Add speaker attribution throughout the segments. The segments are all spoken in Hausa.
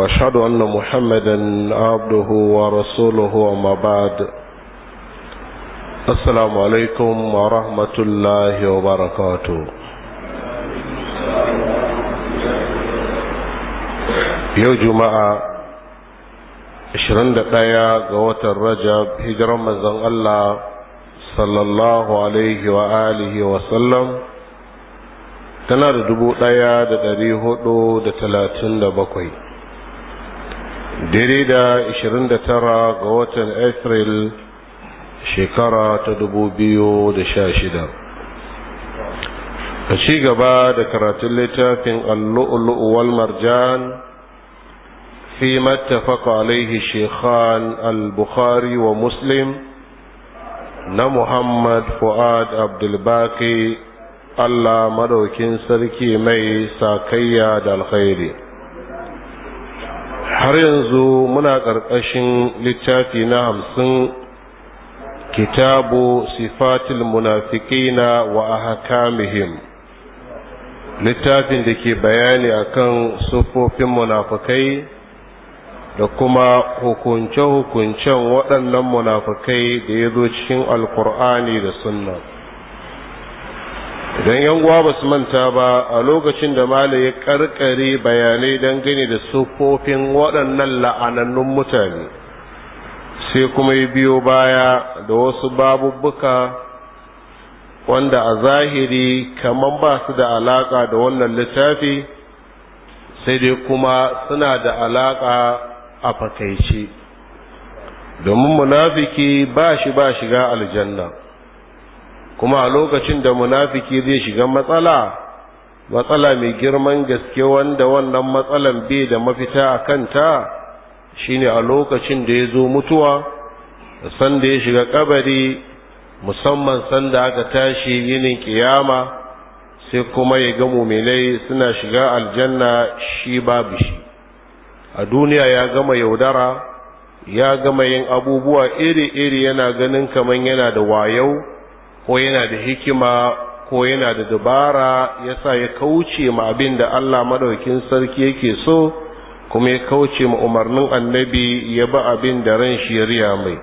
Speaker 1: واشهد ان محمدا عبده ورسوله وما بعد السلام عليكم ورحمه الله وبركاته yau juma'a 21 ga watan rajab hijiran manzon Allah sallallahu alaihi wa alihi wa sallam tana da dubu ɗaya da ɗari da talatin da bakwai Dirida tara ga watan Afril shekara ta da 2016. ka ci gaba da karatun littafin Allu’ulu’u Walmarjan fi mattafaka alaihi Shekhan al wa Muslim na Muhammad Fu’ad Abdulbaki Allah madaukin sarki mai sakayya da alkhairi. har yanzu muna ƙarƙashin littafi na hamsin kitabu sifatil munafikina wa ahkamihim littafin da ke bayani akan sufofin munafukai da kuma hukunce-hukuncen waɗannan munafukai da ya zo cikin alkur'ani da sunna idan yan uwa ba su manta ba a lokacin da mala ya karkare bayanai don gani da sufofin waɗannan la'anannun mutane sai kuma ya biyo baya da wasu babubbuka wanda a zahiri kamar ba su da alaƙa da wannan littafi sai dai kuma suna da alaƙa a fakaice domin munafiki ba shi ba shiga aljanna kuma a lokacin da munafiki zai shiga matsala matsala mai girman gaske wanda wannan matsalan bai da mafita a kanta shine a lokacin da ya zo mutuwa san da ya shiga kabari musamman sanda aka tashi yinin kiyama sai kuma ya ga muminai suna shiga aljanna shi babu shi a duniya ya gama yaudara ya gama yin abubuwa iri-iri yana ganin kamar yana da wayau ko yana da hikima ko yana da dabara yasa ya kauce ma abin da Allah madaukin sarki yake so kuma ya kauce ma umarnin annabi ya ba abin da ran shari'a mai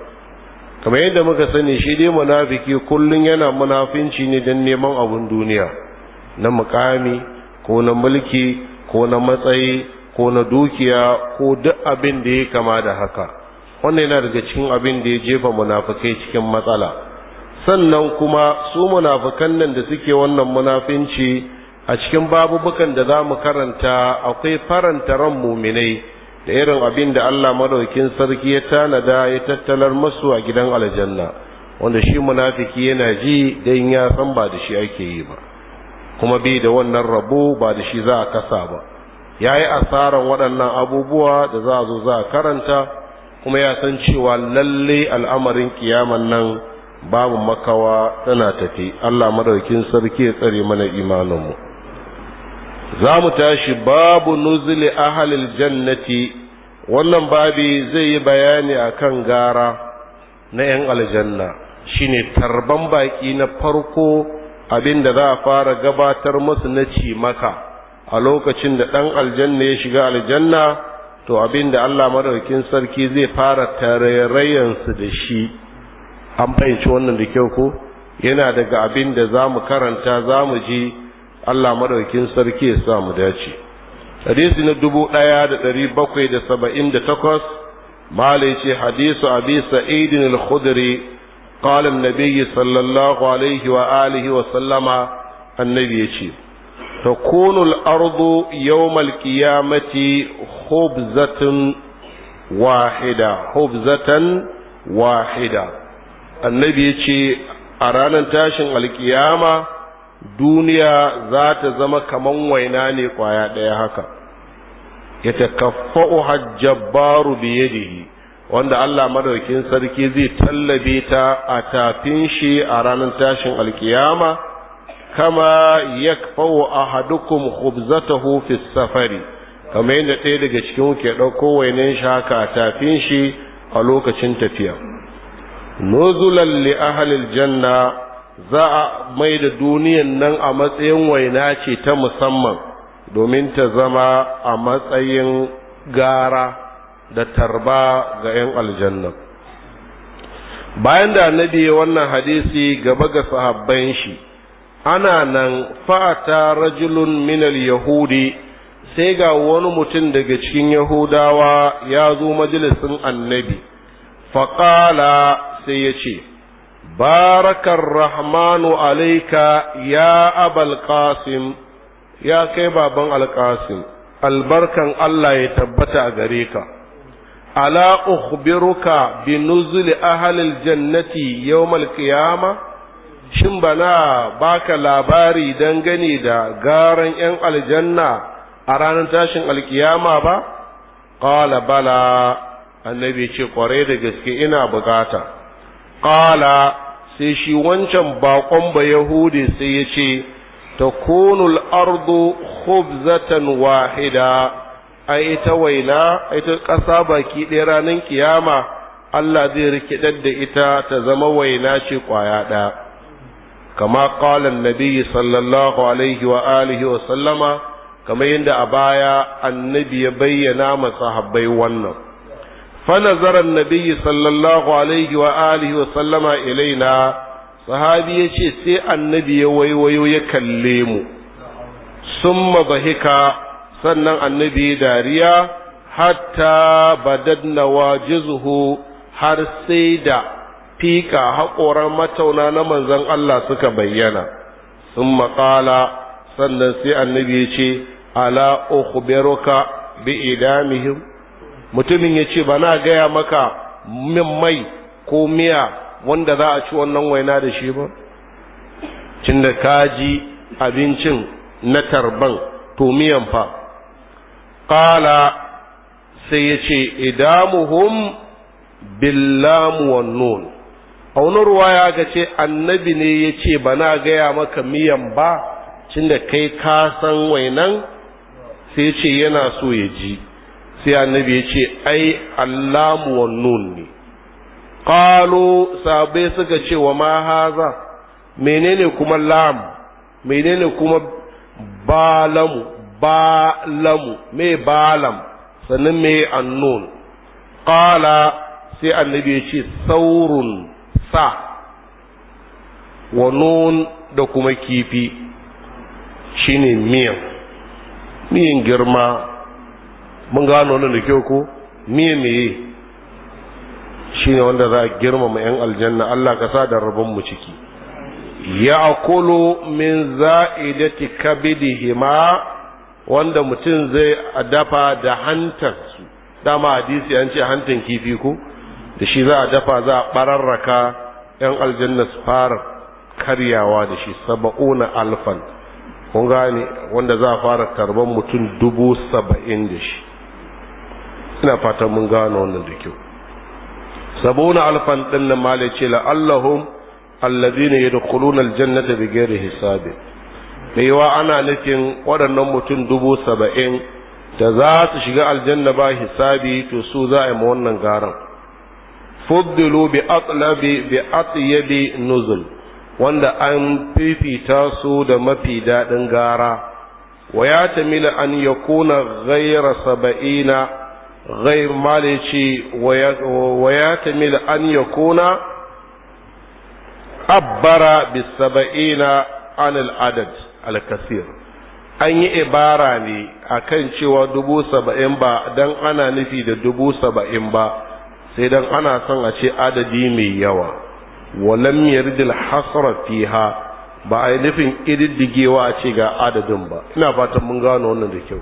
Speaker 1: kamar yadda muka sani shi dai munafiki kullun yana munafinci ne dan neman abun duniya na mukami ko na mulki ko na matsayi ko na dukiya ko duk abin da ya kama da haka wannan yana daga cikin abin da ya jefa munafikai cikin matsala sannan kuma su munafukan nan da suke wannan munafinci a cikin babubukan da za mu karanta akwai faranta ran muminai da irin abin da Allah madaukin sarki ya tanada ya tattalar masu a gidan aljanna wanda shi munafiki yana ji don ya san ba da shi ake yi ba kuma bai da wannan rabo ba da shi za a kasa ba yayi asaran waɗannan abubuwa da za a zo za a karanta kuma ya san cewa lalle al'amarin kiyaman nan babu makawa tana tafi Allah madaukin sarki ya tsare mana imaninmu za mu tashi babu nuzuli ahalil jannati wannan babi zai yi bayani akan gara na 'yan aljanna shine tarban baki na farko abin da za a fara gabatar musu na ci maka a lokacin da ɗan aljanna ya shiga aljanna to abin da Allah madaukin sarki zai fara su da shi an fahimci wannan da kyau ko yana daga abin da za mu karanta za mu ji allah maɗaukin sarki ya sa mu dace hadisi na dubu ɗaya da ɗari bakwai da saba'in da takwas malai ce hadisu abi sa'idin al-khudri qala an-nabiy sallallahu alaihi wa alihi wa sallama annabi yace takunu al-ardu yawm al-qiyamati khubzatan wahida khubzatan wahida annabi ya ce a ranar tashin alkiyama duniya za ta zama kaman waina ne kwaya ɗaya haka ya takaffa'u hajjabaru biyadihi wanda Allah madaukin sarki zai tallabe ta a tafin shi a ranar tashin alkiyama kama a hadukun Hubzata fi safari kamar yadda ɗaya daga cikin ke ɗauko wainan shi haka a tafin shi a lokacin tafiya nuzulan li ahlil janna za a mai da duniyan nan a matsayin waina ce ta musamman domin ta zama a matsayin gara da tarba ga 'yan aljanna bayan da annabi wannan hadisi gaba ga sahabban shi ana nan fa'ata rajulun minal yahudi sai ga wani mutum daga cikin yahudawa ya zo majalisin annabi faƙala sai ya ce barakar rahmanu alaika ya abal qasim ya kai baban alƙasim albarkan Allah ya tabbata a gare ka ala ukhbiruka bi nuzuli ahlil jannati yawmal qiyama shin bana baka labari dangane da garan yan aljanna a ranar tashin alkiyama ba qala bala annabi ce kware da gaske ina bukata qala sai shi wancan bakon ba yahudi sai ya ce takunul ardu khubzatan wahida ai ita waina ai ta kasa baki ɗaya ranar kiyama Allah zai rikidar da ita ta zama waina ce kwaya ɗaya kama qala annabi sallallahu alaihi wa alihi wa sallama kamar yadda a baya annabi ya bayyana masahabbai wannan فنظر النبي صلى الله عليه وآله وسلم إلينا صحابي يشي سي النبي ويوي bahika ثم ضحك سنن النبي داريا حتى بدد نواجزه har sai da fika haƙoran matauna na manzon Allah suka bayyana sun maƙala sannan sai annabi ya ce ala ukhbiruka bi idamihim mutumin ya ce ba na gaya maka min mai ko miya wanda za a ci wannan waina da shi ba cin da kaji abincin na tarban to miyan fa ƙala sai ya ce idamuhum billamu wa nun a wani ruwaya ga ce annabi ne ya ce ba na gaya maka miyan ba cin da kai ka san wainan sai ce yana so ya ji sai annabi ya ce ai allamu wa ne qalu sabai suka ce wa ma haza menene kuma lam menene kuma balamu balamu me balam sannan me annun qala sai annabi ya ce saurun sa wa da kuma kifi shine miyan miyan girma mun gano wanda da kyau ko miye miye ne wanda za a girmama yan aljanna Allah ka sa da rabon mu ciki akulu min za'idati kabidihima wanda mutum zai dafa da hantar su dama hadisi an ce hantar kifi ko da shi za a dafa za a bararraka yan aljanna su fara karyawa da shi saba'una alfan kun gane wanda za a fara karban mutum dubu saba'in da shi ina fatan mun gano wannan da kyau sabuna alfan din nan malai ce la allahum ta yadkhuluna aljannata bighairi hisabi yawa ana nufin waɗannan mutum dubu saba'in da za su shiga aljanna ba hisabi to su za a yi ma wannan garan fuddilu bi atlabi bi atyabi nuzul wanda an fifita su da mafi daɗin gara wa ya tamila an yakuna ghaira saba'ina غير مالي ويحتمل أن يكون عبر بالسبعين عن العدد الكثير an yi ibara ne a kan cewa dubu saba'in ba don ana nufi da dubu saba'in ba sai don ana son a ce adadi mai yawa walam yardil hasra fiha ba a yi nufin ƙididdigewa a ce ga adadin ba ina fatan mun gano wannan da kyau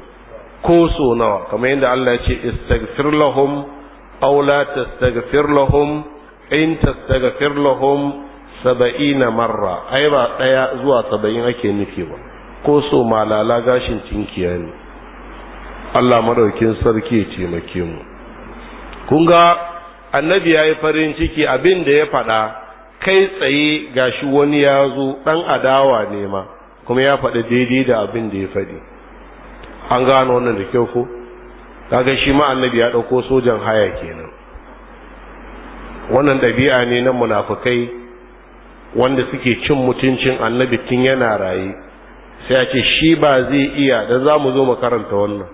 Speaker 1: Koso nawa kamar yadda Allah ya ce istaghfir lahum aw la tastaghfir lahum in tastaghfir lahum 70 marra ai ba daya zuwa saba'in ake nufi ba ko so malala gashin tinkiya ne Allah madaukin sarki ya taimake mu kun ga annabi ya yi farin ciki abin da ya faɗa kai tsaye gashi wani ya zo ɗan adawa ne ma kuma ya faɗi daidai da abin da ya faɗi an gano wannan da kyau ko kaga shi ma annabi ya dauko sojan haya kenan wannan dabi'a ne na munafikai wanda suke cin mutuncin annabi tun yana raye sai a ce shi ba zai iya da za mu zo mu karanta wannan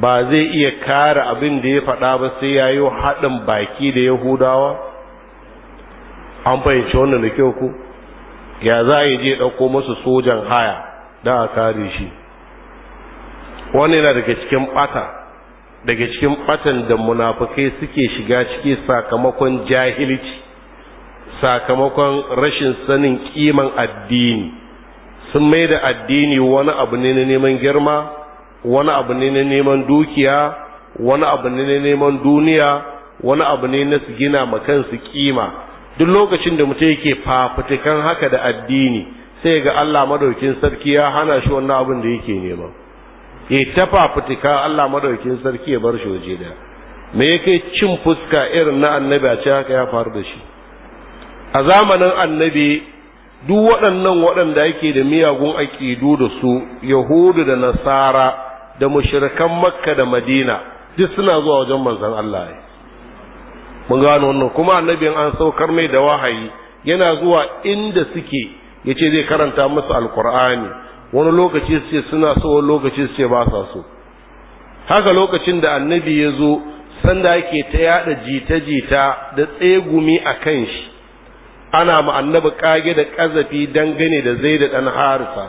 Speaker 1: ba zai iya kare abin da ya faɗa ba sai ya yi haɗin baki da yahudawa an fahimci wannan da kyau ko ya za a je ɗauko masu sojan haya da a kare shi wani yana daga cikin bata daga cikin batan da munafukai suke shiga ciki sakamakon jahilci sakamakon rashin sanin kiman addini sun mai da addini wani abu ne na neman girma wani abu ne na neman dukiya wani abu ne na neman duniya wani abu ne na su gina ma kansu kima duk lokacin da mutum yake fafutukan haka da addini sai ga Allah madaukin sarki ya hana shi wannan abin da yake nema ya ta fafutuka Allah madaukin sarki ya bar shi waje da me yake cin fuska irin na annabi a cikin haka ya faru da shi a zamanin annabi duk waɗannan waɗanda yake da miyagun aƙidu da su yahudu da nasara da mushrikan makka da madina duk suna zuwa wajen manzon Allah ne mun gano wannan kuma annabin an saukar mai da wahayi yana zuwa inda suke yace zai karanta musu alqur'ani wani lokaci su ce suna so wani lokaci su ce ba sa so haka lokacin da annabi ya zo sanda yake ta yada jita-jita da tsegumi a kan shi ana ma annabi kage da kazafi dangane da zai dan harisa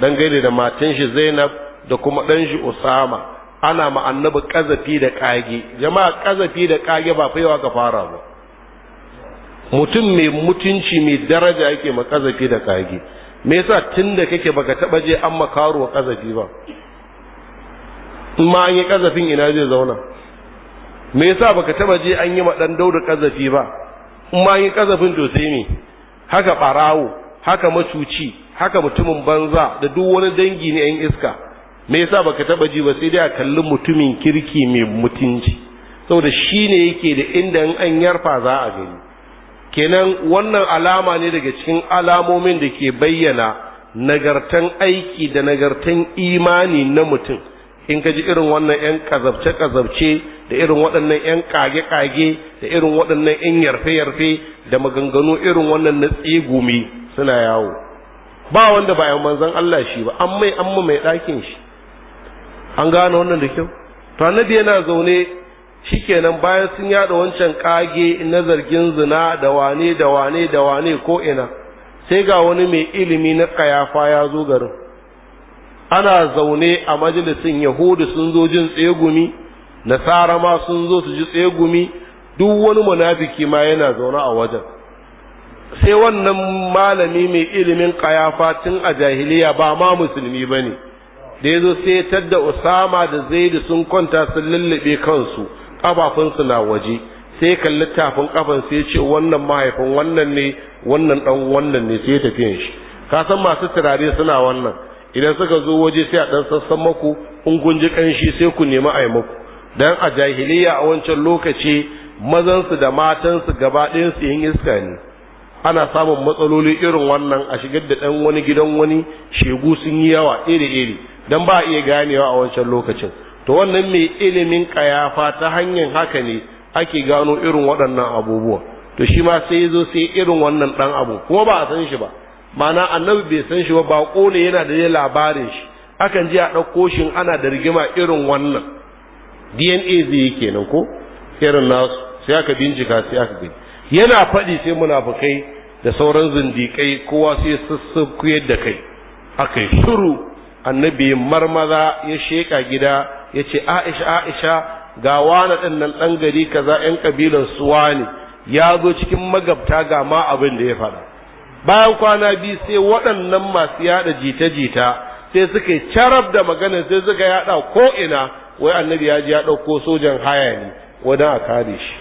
Speaker 1: dangane da matan shi zainab da kuma dan shi usama ana ma annabi kazafi da kage jama'a kazafi da kage ba fa ka fara ba mutum mai mutunci mai daraja yake ma kazafi da kage me yasa da kake baka taba je an makaro wa kazafi ba in ma an yi kazafin ina zai zauna me yasa baka taba je an yi madan dauda kazafi ba in ma an yi kazafin to sai me haka barawo haka macuci haka mutumin banza da duk wani dangi ne yan iska me yasa baka taba ji ba sai dai a kalli mutumin kirki mai mutunci saboda shine yake da inda in an yarfa za a gani kenan wannan alama ne daga cikin alamomin da ke bayyana nagartan aiki da nagartan imani na mutum in ka ji irin wannan 'yan kazabce-kazabce da irin waɗannan 'yan kage-kage da irin waɗannan 'yan yarfe-yarfe da maganganu irin wannan na gumi suna yawo ba wanda ba yan manzan Allah shi ba an mai an mai ɗakin shi an gane wannan da kyau to annabi yana zaune shikenan bayan sun yada wancan kage na zargin zina da wane da wane da wane ko ina sai ga wani mai ilimi na kayafa ya zo garin ana zaune a majalisin yahudu sun zo jin tsegumi nasara ma sun zo su ji tsegumi duk wani munafiki ma yana zaune a wajen sai wannan malami mai ilimin kayafa tun a jahiliya ba ma musulmi ba ne da ya zo sai tadda usama da zaidu sun kwanta sun lullube kansu kafafunsu na waje sai kalli tafin kafan sai ce wannan mahaifin wannan ne wannan dan wannan ne sai tafi shi ka san masu turare suna wannan idan suka zo waje sai a dan sassan maku in kun ji kanshi sai ku nemi a yi maku dan a jahiliya a wancan lokaci mazansu da matansu gaba su yin iska ne ana samun matsaloli irin wannan a shigar da ɗan wani gidan wani shegu sun yi yawa iri-iri don ba a iya ganewa a wancan lokacin to wannan mai ilimin kayafa ta hanyar haka ne ake gano irin waɗannan abubuwa to shi ma sai ya zo sai irin wannan ɗan abu kuma ba a san shi ba mana annabi bai san shi ba ba ne yana da dai labarin shi akan ji a ɗauko shi ana da rigima irin wannan dna zai yi kenan ko irin nasu sai aka bincika sai aka gani yana faɗi sai munafukai da sauran zindikai kowa sai sassakuyar da kai aka yi shiru annabi marmaza ya sheƙa gida Ya ce Aisha Aisha ga wani ɗin nan ɗan gari kaza ƴan ƙabilar suwa ne ya zo cikin magabta ga ma abin da ya faɗa bayan kwana biyu sai waɗannan masu yaɗa jita-jita sai suka yi carab da magana sai suka yaɗa ko ina wai annabi ya ji ya ɗauko sojan haya ne wadan a kare shi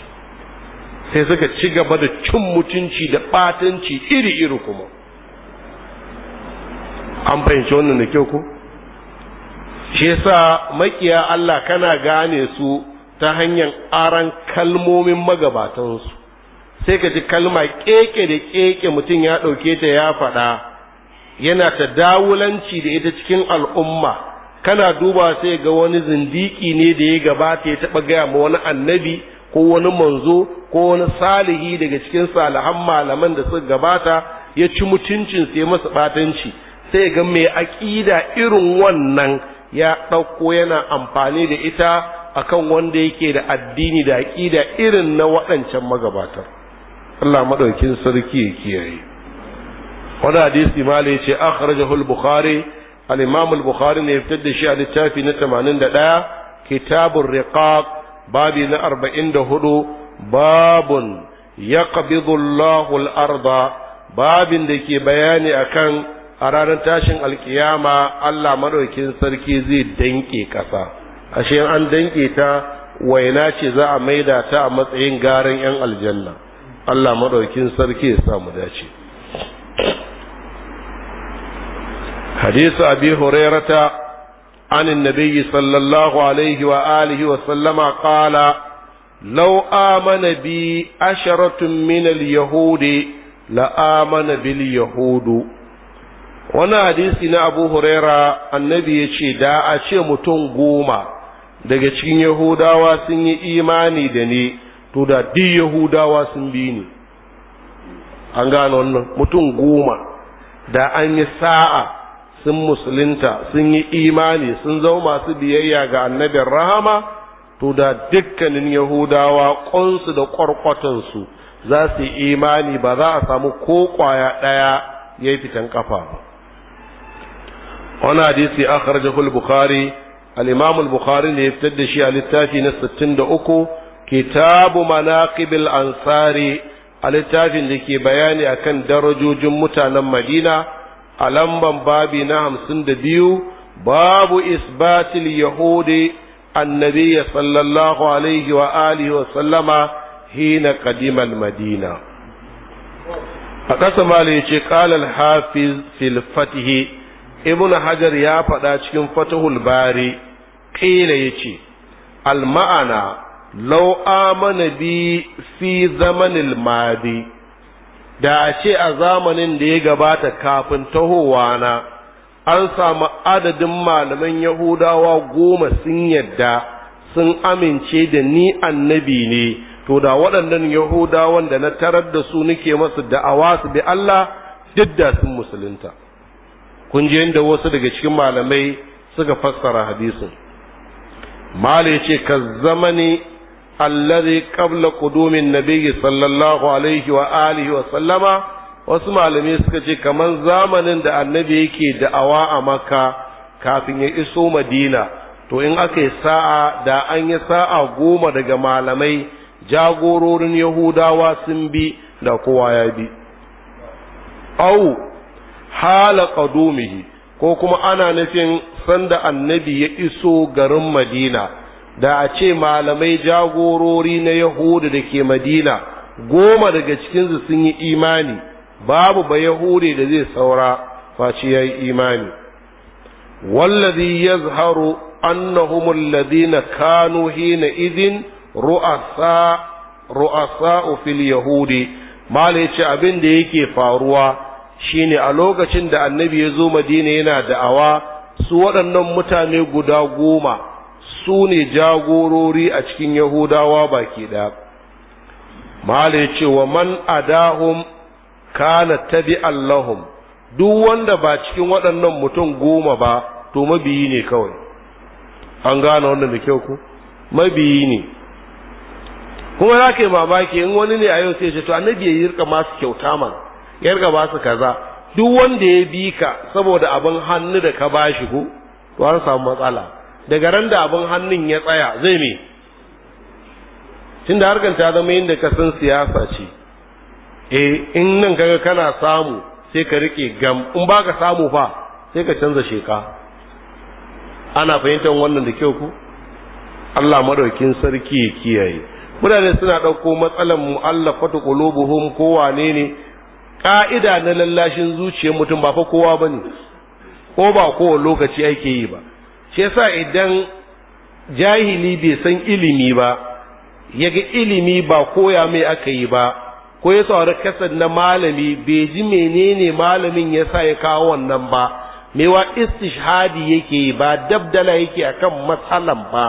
Speaker 1: sai suka ci gaba da cin mutunci da ɓatanci iri-iri kuma an fahimci wannan da kyau ko shi yasa makiya Allah kana gane su ta hanyar aran kalmomin magabatansu sai ka ji kalma keke da keke mutum ya ɗauke ta ya faɗa yana ta dawulanci da ita cikin al'umma kana duba sai ga wani zindiki ne da ya gabata ya taɓa gaya ma wani annabi ko wani manzo ko wani salihi daga cikin salihan malaman da suka gabata ya ci mutuncin sai masa batanci sai ga mai aƙida irin wannan ya ɗauko yana amfani da ita akan wanda yake da addini da aƙida irin na waɗancan magabatar Allah maɗaukin sarki ya kiyaye wani hadisi mala ce akhrajahu al-bukhari al bukhari ne ya fitar da shi a littafi na tamanin da ɗaya. Kitabun riqaq babi na hudu babun ya Allahu al-arda babin da ke bayani akan a ranar tashin alkiyama Allah maɗaukin sarki zai danke ƙasa ashe an danke ta waina ce za a maida ta a matsayin garin 'yan aljanna Allah maɗaukin sarki ya samu dace hadisu abi hurairata an nabiyyi sallallahu alaihi wa alihi wa sallama qala law amana bi asharatun min al yahudi la amana bil yahudu wani hadisi na abu huraira annabi ya ce da a ce mutum goma daga cikin yahudawa sun yi imani da ni to da di yahudawa sun bi ni an gano wannan mutum goma da an yi sa'a sun musulunta sun yi imani sun zama masu biyayya ga annabin rahama to da dukkanin yahudawa ƙunsu da ƙwarƙwatansu za su yi imani ba za a samu ko ƙwaya ɗaya ya yi fitan ƙafa ba wani hadisi akhrajahu al-bukhari al bukhari ne ya da shi a littafi na 63 kitabu manaqibil ansari a littafin da ke bayani akan darajojin mutanen madina a lamban babi na hamsin da biyu babu isbatil yahudi annabiya sallallahu alaihi wa alihi wa sallama hina qadimal madina a ƙasa mala ce ƙalal hafiz fil fatihi ibn hajar ya faɗa cikin fatahul bari ƙila ya ce alma'ana lau amana bi fi zamanil madi da a ce a zamanin da ya gabata kafin tahowa na an samu adadin malaman yahudawa goma sun yadda sun amince da ni annabi ne to da waɗannan yahudawan da na tarar da su nake masu da'awa su bi Allah duk da sun musulunta kun ji yadda wasu daga cikin malamai suka fassara hadisin mala ya ce ka zama ne allazi qabla qudumin nabiyyi sallallahu alaihi wa alihi wa sallama wasu malamai suka ce kamar zamanin da annabi yake da'awa a makka kafin ya iso madina to in aka yi sa'a da an yi sa'a goma daga malamai jagororin yahudawa sun bi da kowa ya bi au hala qadumihi ko kuma ana nufin sanda annabi ya iso garin madina da a ce malamai jagorori na yahudu da ke madina goma daga cikinsu sun yi imani babu ba yahudu da zai saura face ya yi imani wallazi yazharu annahum alladhina kanu hina idin ru'asa ru'asa fil yahudi mala yace abin da yake faruwa shine a lokacin da annabi ya zo madina yana da'awa su waɗannan mutane guda goma su ne jagorori a cikin yahudawa ke da mala ya ce wa man adahum kana tabi allahum duk wanda ba cikin waɗannan mutum goma ba to mabiyi ne kawai an gane wannan da kyau ku mabiyi ne kuma za ka yi mamaki in wani ne a yau sai ce to annabi ya yi rika masu kyauta mana ya riga ba su kaza duk wanda ya bi ka saboda abin hannu da ka bashi ko to an samu matsala daga ran da abin hannun ya tsaya zai me tunda harkar ta zama yadda ka san siyasa ce eh in nan kaga kana samu sai ka rike gam in baka samu fa sai ka canza sheka ana fahimtar wannan da kyau ku Allah madaukin sarki ya kiyaye mutane suna ɗauko matsalan mu'allafatu qulubuhum ko wane ne ka'ida na lallashin zuciyar mutum ba fa kowa ba ne ko ba kowa lokaci ake yi ba shi yasa idan jahili bai san ilimi ba ya ga ilimi ba koya mai aka yi ba ko ya saurari kasar na malami bai ji menene malamin ya sa ya kawo wannan ba mewa istishhadi yake yi ba dabdala yake akan matsalan ba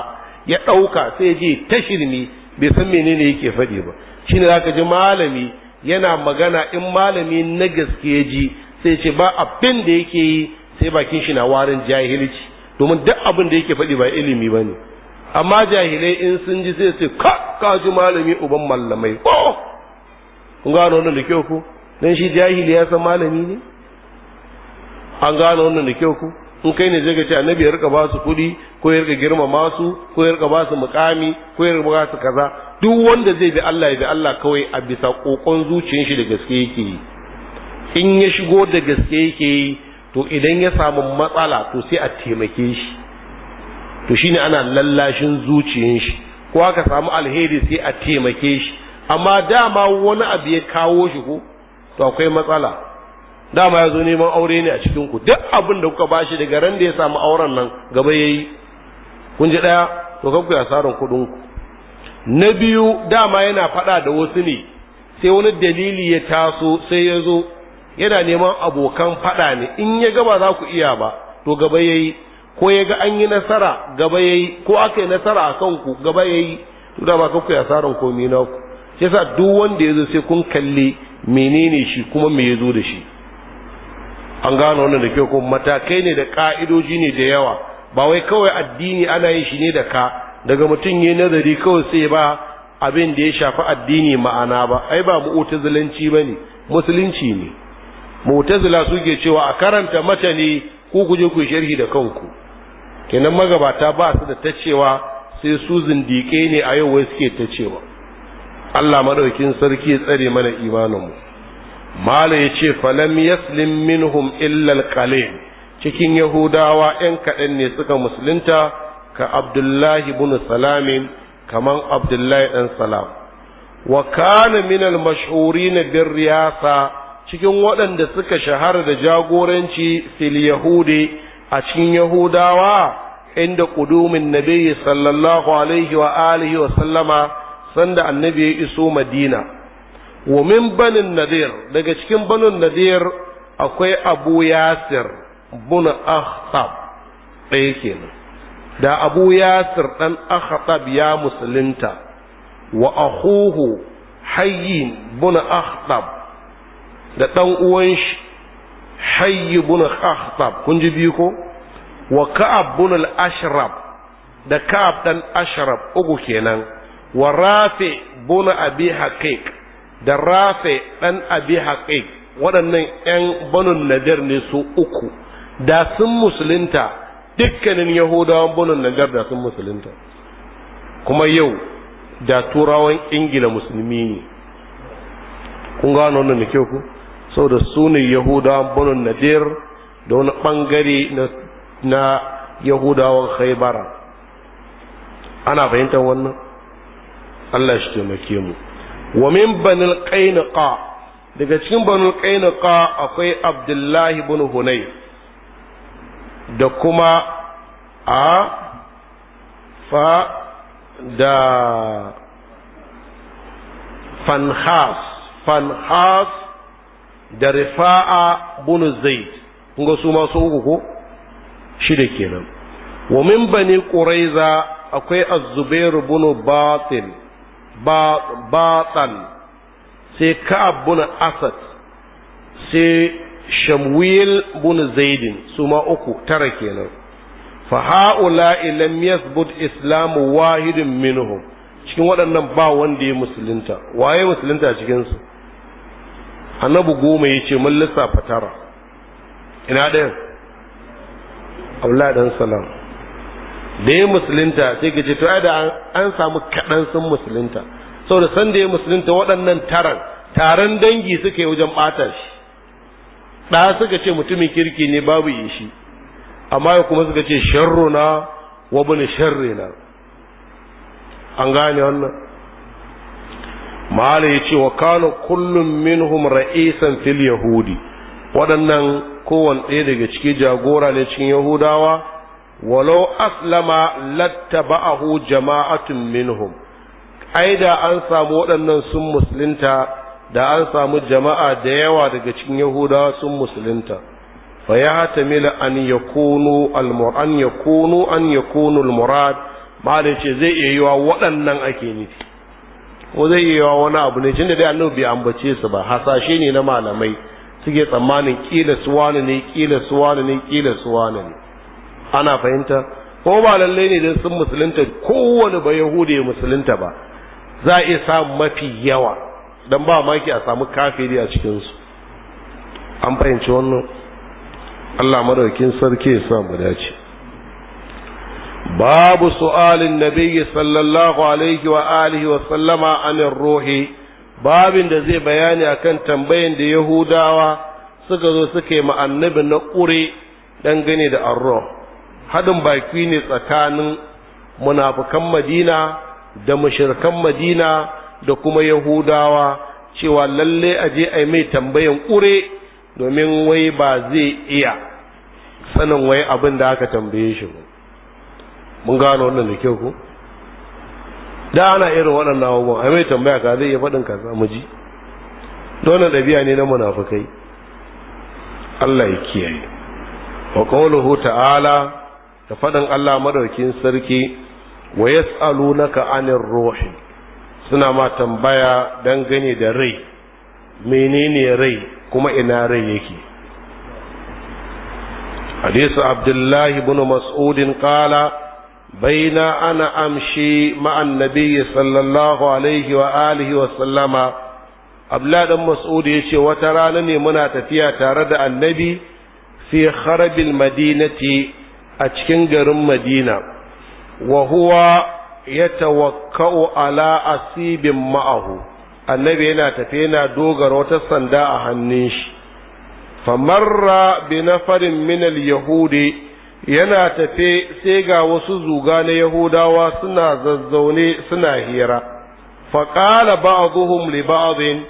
Speaker 1: ya ɗauka sai je tashirmi bai san menene yake faɗi ba shine zaka ji malami yana magana in malami na gaske ji sai ce ba abin da yake yi sai bakin shi na warin jahilci domin duk abin da yake faɗi ba ilimi ba ne amma jahilai in sun ji sai su ka ka ji malami uban mallamai ko kun gano wannan da kyau ku dan shi jahili ya san malami ne an gano wannan da kyau ku in kai ne zai ce annabi ya rika ba su kuɗi ko ya rika girmama su ko ya rika ba su mukami ko ya rika ba su kaza duk wanda zai bi Allah ya bi Allah kawai a bisa kokon zuciyar shi da gaske yake yi in ya shigo da gaske yake yi to idan ya samu matsala to sai a taimake shi to shine ana lallashin zuciyar shi ko aka samu alheri sai a taimake shi amma dama wani abu ya kawo shi ko to akwai matsala dama ya zo neman aure ne a cikin ku duk abin da kuka bashi daga ran da ya samu auren nan gaba yayi kun ji daya to kanku ya sarin kudin ku na biyu dama yana faɗa da wasu ne sai wani dalili ya taso sai ya zo yana neman abokan faɗa ne in ya gaba za ku iya ba to gaba ya yi ko ya ga an yi nasara gaba ya yi ko aka yi nasara a kanku gaba ya yi to dama kanku ya saran komi na ku sa duk wanda ya zo sai kun kalli menene shi kuma me ya zo da shi an gano wannan da kyau kuma matakai ne da ka'idoji ne da yawa ba wai kawai addini ana yin shi ne da ka daga mutum yi nazari kawai sai ba abin da ya shafi addini ma'ana ba ai ba mu'tazilanci bane musulunci ne mu'tazila suke cewa a karanta mata ne ku kuje ku sharhi da kanku kenan magabata ba su da ta cewa sai su zindike ne a yau wai suke ta cewa. Allah maɗaukin sarki ya tsare mana imaninmu mala ya ce falam yaslim minhum illa alqalil cikin yahudawa yan kaɗan ne suka musulunta ka abdullahi bin salamin kaman abdullahi dan salam wa kana min al-mashhurin riyasa cikin waɗanda suka shahara da jagoranci fil yahudi a cikin yahudawa inda ƙudumin nabi sallallahu alaihi wa alihi wa sallama sanda annabi ya iso madina wa min banin nadir daga cikin banin nadir akwai abu yasir bin akhtab ɗaya da abu yasir ɗan akhtab ya musulunta wa akhuhu hayyin bin akhtab da ɗan uwan shi hayyi bin akhtab kun ji biyu ko wa ka'ab bin al ashrab da ka'ab dan ashraf ugu kenan wa rafi bin abi haqiq da rafi dan abi haqiq waɗannan 'yan banun nadir ne su uku da sun musulunta dukkanin yahudawan bunin nagar da sun musulunta kuma yau da turawan ingila musulmi ne kun gano wannan da kyau ku saboda su ne yahudawan na nadir da wani bangare na yahudawan haibara ana fahimtar wannan allah shi taimake mu wa min banil qainuqa daga cikin banil qainuqa akwai abdullahi bin hunayf da kuma a fa da fanhas fanhas da rifa'a bunu zaid kun ga su masu uku ko shida kenan wa min bani quraiza akwai az-zubair bunu batil batan sai ka'ab bunu asad sai shamwil bin zaidin su ma uku tara kenan fa haula lam yathbut islamu wahidin minhum cikin waɗannan ba wanda ya musulunta waye musulunta cikin su annabi goma ya ce mun lissafa tara ina ɗayan abdullahi dan salam da ya musulunta sai ka to ai da an samu kaɗan sun musulunta saboda san da ya musulunta waɗannan taran taron dangi suka yi wajen ɓata shi da suka ce mutumin kirki ne babu yin shi amma kuma suka ce sharruna wa bin sharrina an gane wannan mala ya ce wa kana kullum minhum ra'isan fil yahudi waɗannan kowane ɗaya daga ciki jagora ne cikin yahudawa walau aslama lattaba'ahu jama'atun minhum ai an samu waɗannan sun musulunta da an samu jama'a da yawa daga cikin yahudawa sun musulunta fa ya hatamila an yakunu al an yakunu an yakunu al murad malai ce zai iya yiwa waɗannan ake nufi ko zai iya yiwa wani abu ne tunda dai annabi bai ambace su ba hasashe ne na malamai suke tsammanin kila suwana ne kila suwana ne kila suwana ne ana fahimta ko ba lalle ne dan sun musulunta kowane ba yahudi musulunta ba za a iya samun mafi yawa don ba maki a samu kafiri a cikinsu an fahimci wannan allah madaukin sarki ya samu dace babu su'alin nabiyyi sallallahu alaihi wa alihi wa sallama anin ruhi babin da zai bayani akan tambayan da yahudawa suka zo suka yi annabi na ƙure dangane da arro haɗin baki ne tsakanin munafukan madina da mashirkan madina da kuma yahudawa cewa lalle a je a mai tambayan ƙure domin wai ba zai iya sanin wai abin da aka tambaye shi ba mun gano wannan da kyau ku da ana irin waɗannan abubuwan a mai tambaya ka zai iya faɗin ka mu ji donan ɗabi'a ne na munafukai Allah ya kiyaye wa qawluhu ta'ala da faɗin Allah madaukin sarki wa yas'alunaka anir ruhi suna ma tambaya dangane da rai menene rai kuma ina rai yake hadisu abdullahi bin mas'udin kala baina na ana amshi ma'an nabi sallallahu alaihi wa alihi wa sallama abladan mas'udi ya ce wata rana ne muna tafiya tare da annabi fi harabil madinati a cikin garin madina Wahuwa. ya tawakka'u ala asibin ma'ahu annabi yana tafe yana dogara wata sanda a hannun shi famarra bi nafarin minal yahudi yana tafe sai ga wasu zuga na yahudawa suna zazzaune suna hira faƙala ba'dhum li ba'dhin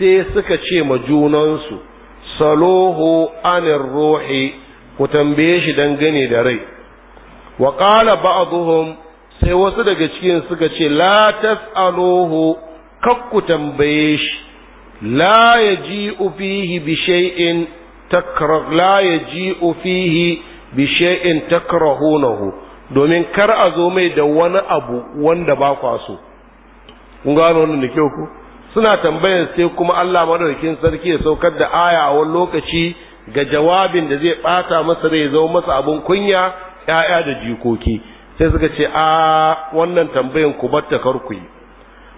Speaker 1: sai suka ce ma junansu salohu anir ruhi ku tambaye shi dangane da rai wa qala ba'dhum sai wasu daga cikin suka ce la tas'aluhu kakku tambaye shi la yaji'u fihi bi shay'in takrah la yaji'u fihi bi shay'in takrahunahu domin kar a zo mai da wani abu wanda ba kwa so kun gano wannan da kyau ku suna tambayar sai kuma Allah madaukakin sarki ya saukar da aya a wani lokaci ga jawabin da zai bata masa rai zo masa abun kunya 'ya'ya, da jikoki sai suka ce a wannan tambayan ku kar karku yi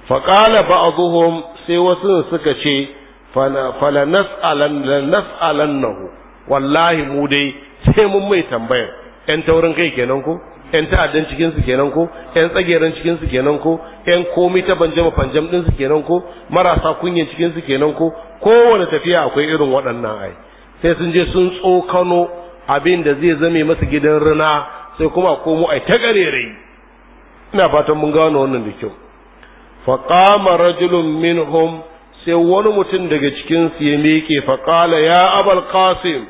Speaker 1: faƙala ba'dhum sai wasu suka ce fala nas'alan nas'alannahu wallahi mu dai sai mun mai tambayar ƴan taurin kai kenan ko ƴan ta'addan cikin su kenan ko ƴan tsagerin cikin su kenan ko ƴan komai ta banjama fanjam din su kenan ko marasa kunyan cikin su kenan ko kowane tafiya akwai irin waɗannan ai sai sun je sun tsokano abin da zai zame masa gidan rina sai kuma komo ai ta garerai ina fatan mun gano wannan da kyau fa qama rajulun minhum sai wani mutum daga cikin su ya miƙe fa qala ya abul qasim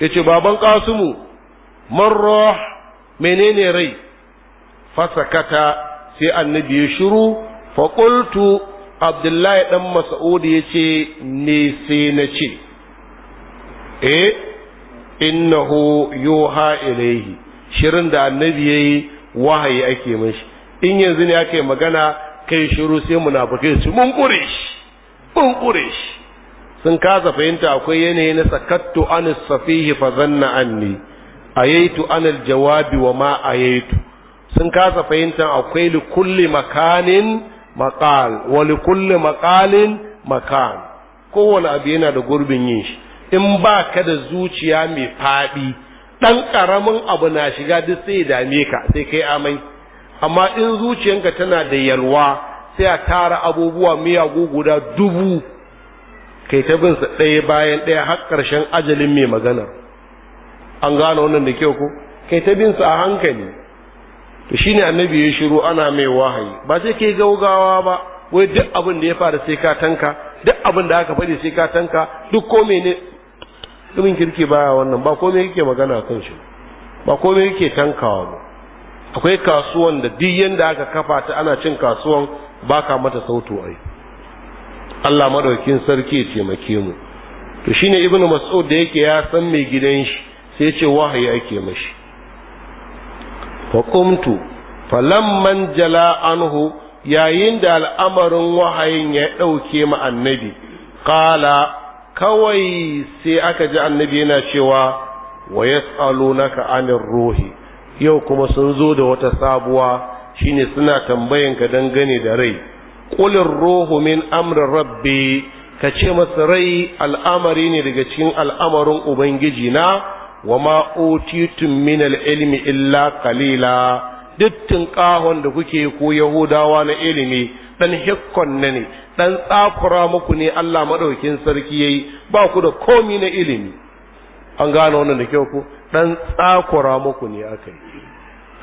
Speaker 1: yace baban qasimu man ruh menene rai fasakata sai annabi ya shiru fa qultu abdullahi dan mas'ud yace ne sai na ce eh innahu yuha ilayhi shirin da annabi yayi wahayi ake mashi in yanzu ne aka yi magana kai shiru sai munafuke su mun kure shi mun kure shi sun kasa fahimta akwai yanayi na sakattu an safihi fa zanna anni ayaitu an jawabi wa ma ayaitu sun kasa fahimta akwai li kulli makanin maqal wa li kulli maqalin makan kowane abu yana da gurbin yin shi in ba ka da zuciya mai faɗi ɗan ƙaramin abu na shiga duk sai ya dame ka sai kai amai amma in zuciyanka tana da yalwa sai a tara abubuwa miyagu guda dubu kai ta bin su ɗaya bayan ɗaya har ƙarshen ajalin mai magana. an gano wannan da kyau ko kai ta bin su a hankali to shine annabi ya shiru ana mai wahayi ba sai kai gaugawa ba wai duk abin da ya fara sai ka tanka duk abin da aka faɗi sai ka tanka duk ko ne. mutumin kirki baya wannan ba komai yake magana kan shi ba komai yake tankawa ba akwai kasuwan da duk yanda aka kafa ta ana cin kasuwan baka mata sautu ai Allah madaukin sarki ya taimake mu to shine ibnu mas'ud da yake ya san mai gidan shi sai ya ce wahayi ake mashi fa qumtu falamman jala anhu yayin da al'amarin wahayin ya dauke ma annabi qala kawai sai aka ji annabi yana cewa wa yas'alunaka anir ruhi yau kuma sun zo da wata sabuwa shine suna tambayan ka dangane da rai qulir ruhu min amri rabbi ka ce masa rai al'amari ne daga cikin al'amarin ubangiji na wa ma utitum min ilmi illa qalila dittin kahon da kuke ko yahudawa na ilimi dan hikkon ne ne dan tsakura muku ne Allah madaukin sarki yayi ba ku da komi na ilimi an gano wannan da kyau ku dan tsakura muku ne akai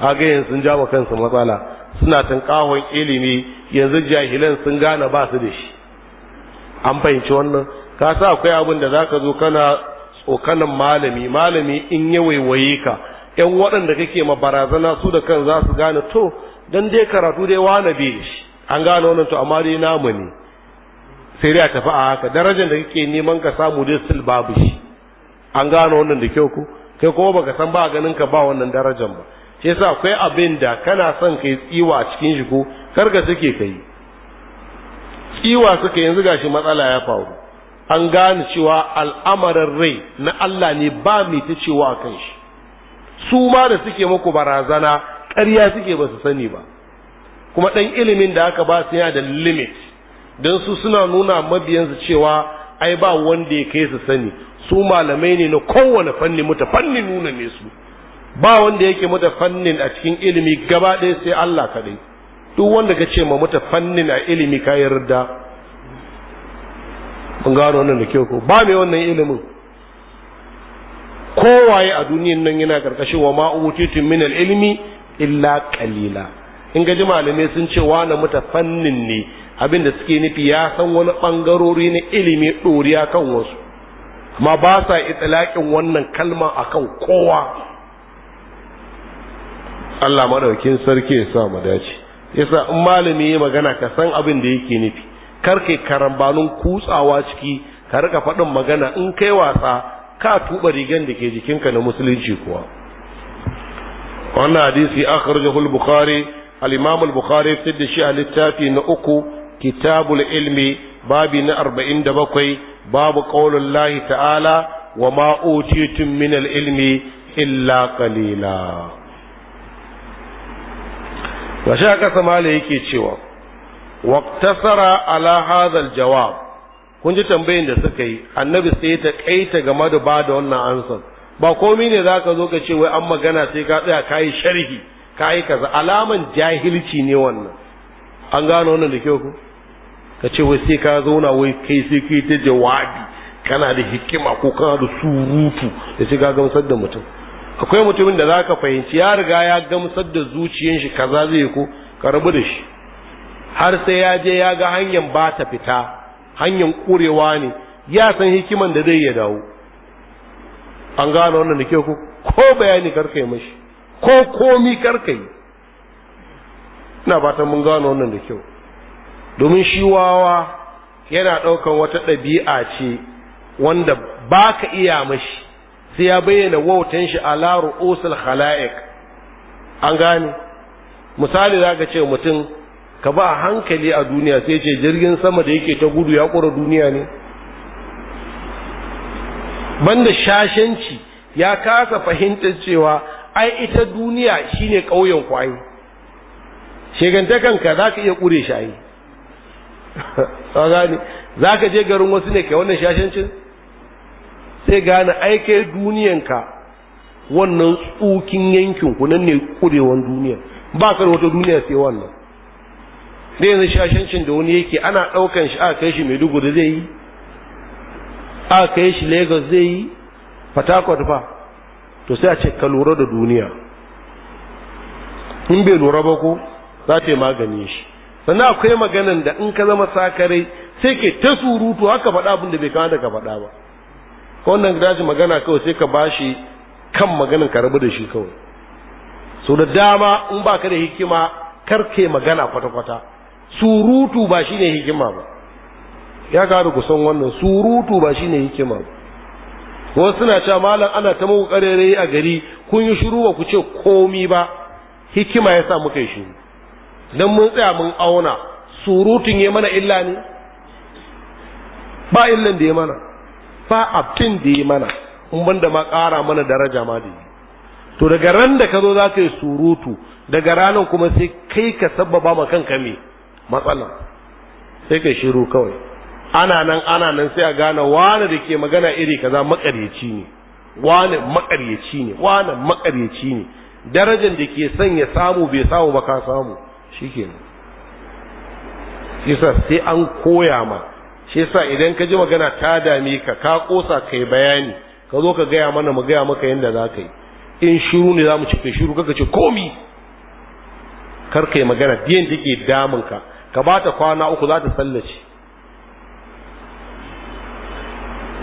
Speaker 1: kaga yanzu sun jawo kansu matsala suna tunkahon ilimi yanzu jahilan sun gane ba su da shi an fahimci wannan ka sa akwai abin da zaka zo kana tsokanan malami malami in ya waiwaye ka yan waɗanda kake ma barazana su da kan za su gane to dan dai karatu dai wane bi shi an gane wannan to amma dai namu ne sai dai a tafi a haka darajar da kake neman ka samu dai sul babu shi an gane wannan da kyau ku kai kuma baka san ba ganin ka ba wannan darajar ba sai yasa akwai abin da kana son kai tsiwa a cikin shi ko kar ka suke kai tsiwa suka yanzu gashi matsala ya faru an gane cewa al'amarin rai na Allah ne ba mai ta cewa kan shi su ma da suke muku barazana ƙarya suke ba su sani ba kuma ɗan ilimin da aka ba su yana da limit don su suna nuna mabiyansu cewa ai ba wanda ya kai su sani su malamai ne na kowane fanni mutu fanni nuna ne su ba wanda yake mata fannin a cikin ilimi gaba ɗaya sai Allah kaɗai duk wanda ka ce ma mata fannin a ilimi ka yarda kun gano wannan da kyau ko ba mai wannan ilimin kowaye a duniyan nan yana ƙarƙashin wa ma utitu min al-ilmi illa qalila in gaji malamai sun ce wani fannin ne abin da suke nufi ya san wani bangarori na ilimi ɗoriya kan wasu amma ba sa itilaƙin wannan kalma akan kowa Allah madaukin sarki ya sa mu dace yasa in malami ya magana ka san abin da yake nufi kar kai karambanin kutsawa ciki ka rika faɗin magana in kai wasa ka tuba rigan da ke jikinka na musulunci kuwa wannan hadisi akhrajahu al-bukhari al-imam al-bukhari da shi a littafi na uku kitabul ilmi babi na bakwai babu qaulul lahi ta'ala wa ma utitum min ilmi illa qalila wa a ka samala yake cewa waqtasara ala hadha al-jawab kun ji tambayin da suka yi annabi sai ta ƙaita game da bada wannan ansar ba komai ne zaka zo ka ce wai an magana sai ka tsaya kai sharhi kayi kaza alaman jahilci ne wannan an gano wannan da kyau ku ka ce wai sai ka zauna wai kai sai kai ta jawabi kana da hikima ko kana da surutu da ce ka gamsar da mutum akwai mutumin da zaka fahimci ya riga ya gamsar da zuciyan shi kaza zai ko ka rabu da shi har sai ya je ya ga hanyar ba ta fita hanyar kurewa ne ya san hikiman da zai ya dawo an gano wannan da kyau ko bayani karka yi mashi ko komi karka yi ina fatan mun gano wannan da kyau domin shiwawa yana ɗaukan wata ɗabi'a ce wanda ba ka iya mashi sai ya bayyana wautan shi ala ru'usul khala'iq an gane misali za ka ce mutum ka ba hankali a duniya sai ce jirgin sama da yake ta gudu ya ƙura duniya ne banda shashanci ya kasa fahimtar cewa ai ita duniya shine ƙauyen kwaye shegantakanka za ka iya ƙure shi ai za ka je garin wasu ne ke wannan shashancin sai gane aike duniyanka wannan tsukin yankin ku nan ne ƙurewan duniya ba ka da wata duniya sai wannan dai yanzu shashancin da wani yake ana daukan shi aka kai shi maiduguri zai yi aka kai shi lagos zai yi fatakwat ba to sai a ce ka lura da duniya in bai lura ba ko za ta yi magani shi sannan akwai maganan da in ka zama sakarai sai ke ta surutu haka faɗa abin da bai kama daga faɗa ba Ko wannan daji magana kawai sai ka bashi kan maganin ka rabu da shi kawai so da dama in ba ka da hikima karke magana kwata-kwata surutu ba shine hikima ba ya gada kusan wannan surutu ba shine hikima ba wasu suna cewa malam ana ta muku karere a gari kun yi shiru ba ku ce komi ba hikima ya sa muka yi shiru don mun tsaya mun auna surutun ya mana illa ne ba illan da ya mana ba abin da ya mana in banda ma ƙara mana daraja ma da yi to daga ran da ka zo za ka yi surutu daga ranar kuma sai kai ka sabbaba ma kanka me matsala sai ka shiru kawai ana nan ana nan sai a gane wani da ke magana iri kaza makaryaci ne wani makaryaci ne wani makaryaci ne darajar da ke sanya samu bai samu ba ka samu shikenan shi sa sai an koya ma shi sa idan ka ji magana ta dame ka ka kosa kai bayani ka zo ka gaya mana mu gaya maka yadda za ka yi in shiru ne za mu cika shiru kaka ce komi kar ka yi magana biyan take damun ka ka ba ta kwana uku za ta sallace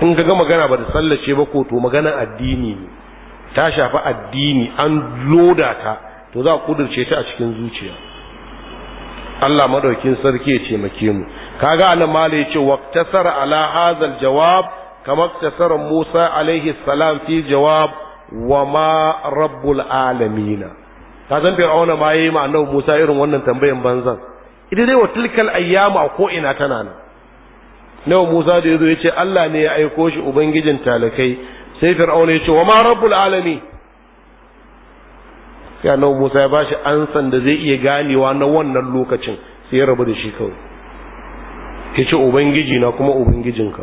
Speaker 1: in ga magana ba da sallace ba ko to magana addini ne ta shafi addini an loda ta to za a kudurce ta a cikin zuciya Allah madaukin sarki ya ce make mu kaga malai ya ce waqtasara ala hadzal jawab kama tasara Musa alaihi salam fi jawab wa ma rabbul alamin ka san fir'auna ma yayi ma annabi Musa irin wannan tambayan banzan ita dai wa tilkal ayyamu a ko ina tana nan nawa Musa da yazo yace Allah ne ya aiko shi ubangijin talakai sai Fir'auna ce wa ma rabbul alami ya nawa Musa ya bashi ansan da zai iya ganewa na wannan lokacin sai ya rabu da shi kawai yace ubangiji na kuma ubangijinka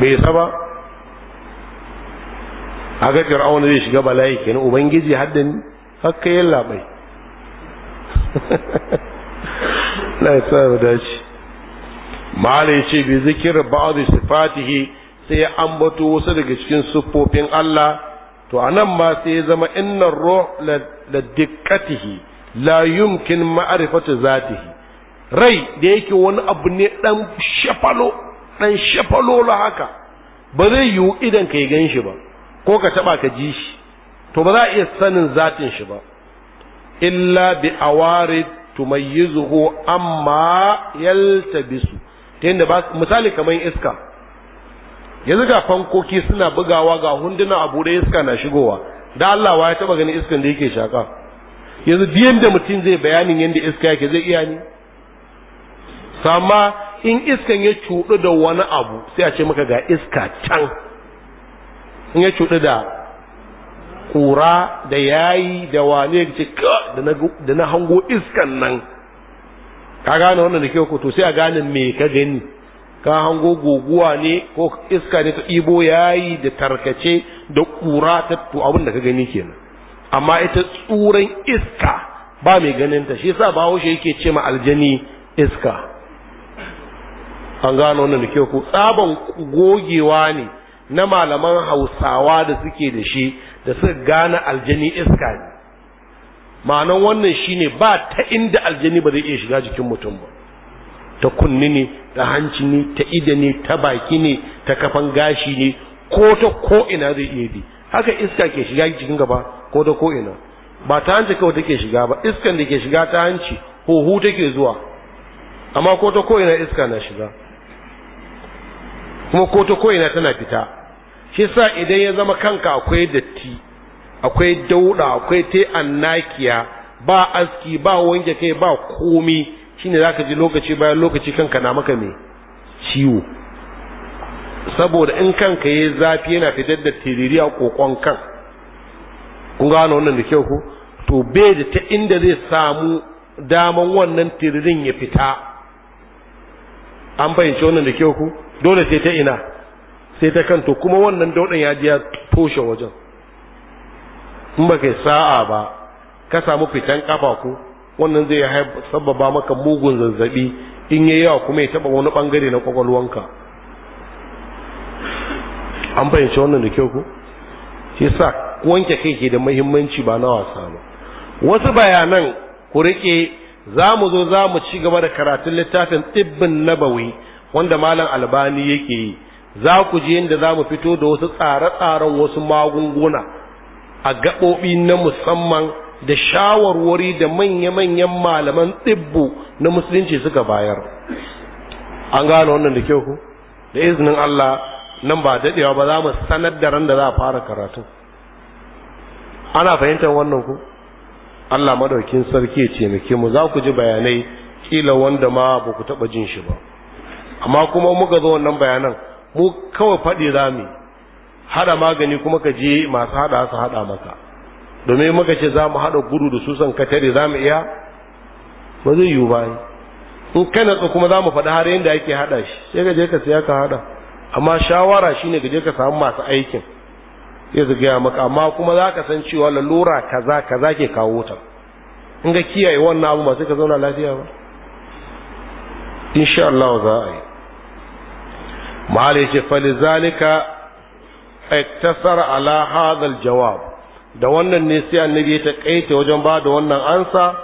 Speaker 1: bai saba a ga Fir'auna zai shiga bala'i kenan ubangiji hadda ni hakka yalla bai la ya sa mu dace mala ya ce bi zikir ba'd sifatihi sai ya ambato wasu daga cikin sifofin Allah to anan ma sai ya zama innar ruh la dikkatihi la yumkin ma'rifatu zatihi rai da yake wani abu ne dan shafalo dan shafalo la haka ba zai yiwu idan ka yi ganshi ba ko ka taba ka ji shi to ba za a iya sanin zatin shi ba illa bi awarid tumayyizuhu amma yaltabisu ta yadda ba misali kamar iska yanzu ga fankoki suna bugawa ga hunduna a buɗe iska na shigowa da Allah wa ya taba ganin iskan da yake shaka yanzu biyan da mutum zai bayanin yadda iska yake zai iya ni? sama in iskan ya cuɗu da wani abu sai a ce maka ga iska can in ya cuɗu da ƙura da yayi da wane ce da na hango iskan nan ka gane wannan da kyau to sai a gane me ka gani ka hango goguwa ne ko iska ne ta ibo yayi da tarkace da ƙura ta to abin da ka gani kenan amma ita tsuran iska ba mai ganin ta shi yasa bawo shi yake ce ma aljani iska an gano wannan da kyau ko tsaban gogewa ne na malaman hausawa da suke da shi da suka gane aljani iska ne ma'anan wannan shine ba ta inda aljani ba zai iya shiga jikin mutum ba ta kunni ne ta hanci ne ta ida ne ta baki ne ta kafan gashi ne ko ta ko zai iya bi haka iska ke shiga jikin gaba ko ta ko ina ba ta hanci kawai take shiga ba iskan da ke shiga ta hanci huhu take zuwa amma ko ta ko iska na shiga kuma ko ta ko tana fita shi sa idan ya zama kanka akwai datti akwai dauda akwai ta annakiya ba aski ba wanke kai ba komi shine zaka ji lokaci bayan lokaci kanka na maka me ciwo saboda in kanka yayi zafi yana fitar da tiriri a kokon kan kun gano wannan da kyau ko to bai da ta inda zai samu daman wannan tiririn ya fita an bayyance wannan da kyau ko dole sai ta ina sai ta kanto kuma wannan daudan ya ji ya toshe wajen in ba kai sa'a ba ka samu fitan kafa ko wannan zai sababa maka mugun zazzabi in ya yawa kuma ya taba wani bangare na kwakwalwanka an fahimci wannan da kyau ko shi sa wanke kai ke da mahimmanci ba na wasa ba wasu bayanan ku rike za mu zo za mu ci gaba da karatun littafin tsibbin nabawi wanda malam albani yake yi za ku je inda za mu fito da wasu tsare-tsaren wasu magunguna a gaɓoɓi na musamman da shawarwari da manya-manyan malaman tsibbu na musulunci suka bayar an gano wannan da kyau ku da izinin Allah nan ba daɗewa ba za mu sanar da ran da za a fara karatu ana fahimtar wannan ku Allah madaukin sarki ya taimake mu za ku ji bayanai kila wanda ma ba ku taɓa jin shi ba amma kuma muka zo wannan bayanan mu kawai faɗi rami haɗa magani kuma ka je masu haɗa su haɗa maka domin muka ce za mu haɗa gudu da susan katare za mu iya ba zai yiwu ba in kana natsu kuma za mu faɗi har yadda ake haɗa shi sai ka je ka siya ka haɗa amma shawara shi ne ka je ka samu masu aikin ya su maka amma kuma za ka san cewa lalura kaza kaza ke kawo ta in ga kiyaye wannan abu masu ka zauna lafiya ba insha Allah za a yi mahala yace falizalika iktasara alahazal jawab da wannan ne sai annabi ya takaita wajen ba da wannan ansa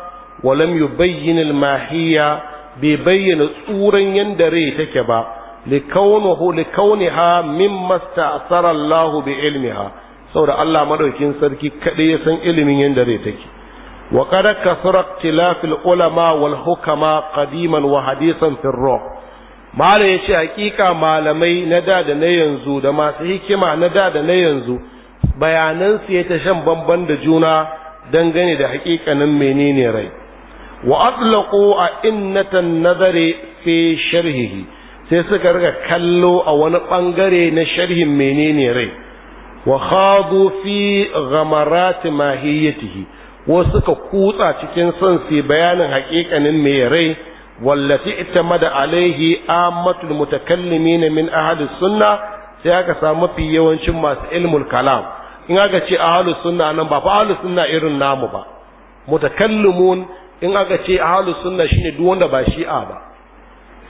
Speaker 1: walam yubayyin bayyana mahiya bai bayyana tsuran yanda rai take ba likaunahu likauniha mimma sta'sara Allah bi ilmiha saboda Allah maɗaukin sarki kaɗai ya san ilimin yanda rai take wa qad kasara ikhtilaf tilafin ulama wal hukama kadiman wa hadisan fi malam ya ce hakika malamai na da da na yanzu da masu hikima na da da na yanzu bayanansu ya ta shan bamban da juna dangane da hakikanin menene rai wa atlaqu a innatan nazari fi sharhihi sai suka riga kallo a wani bangare na sharhin menene rai wa khadu fi ghamarat mahiyatihi wasu suka kutsa cikin son sai bayanin hakikanin me rai wallati itamada alaihi ammatul mutakallimin min ahli sunna sai aka samu mafi yawancin masu ilmul kalam in aka ce ahli sunna nan ba fa ahlus sunna irin namu ba mutakallimun in aka ce ahli sunna shine duk wanda ba shi'a ba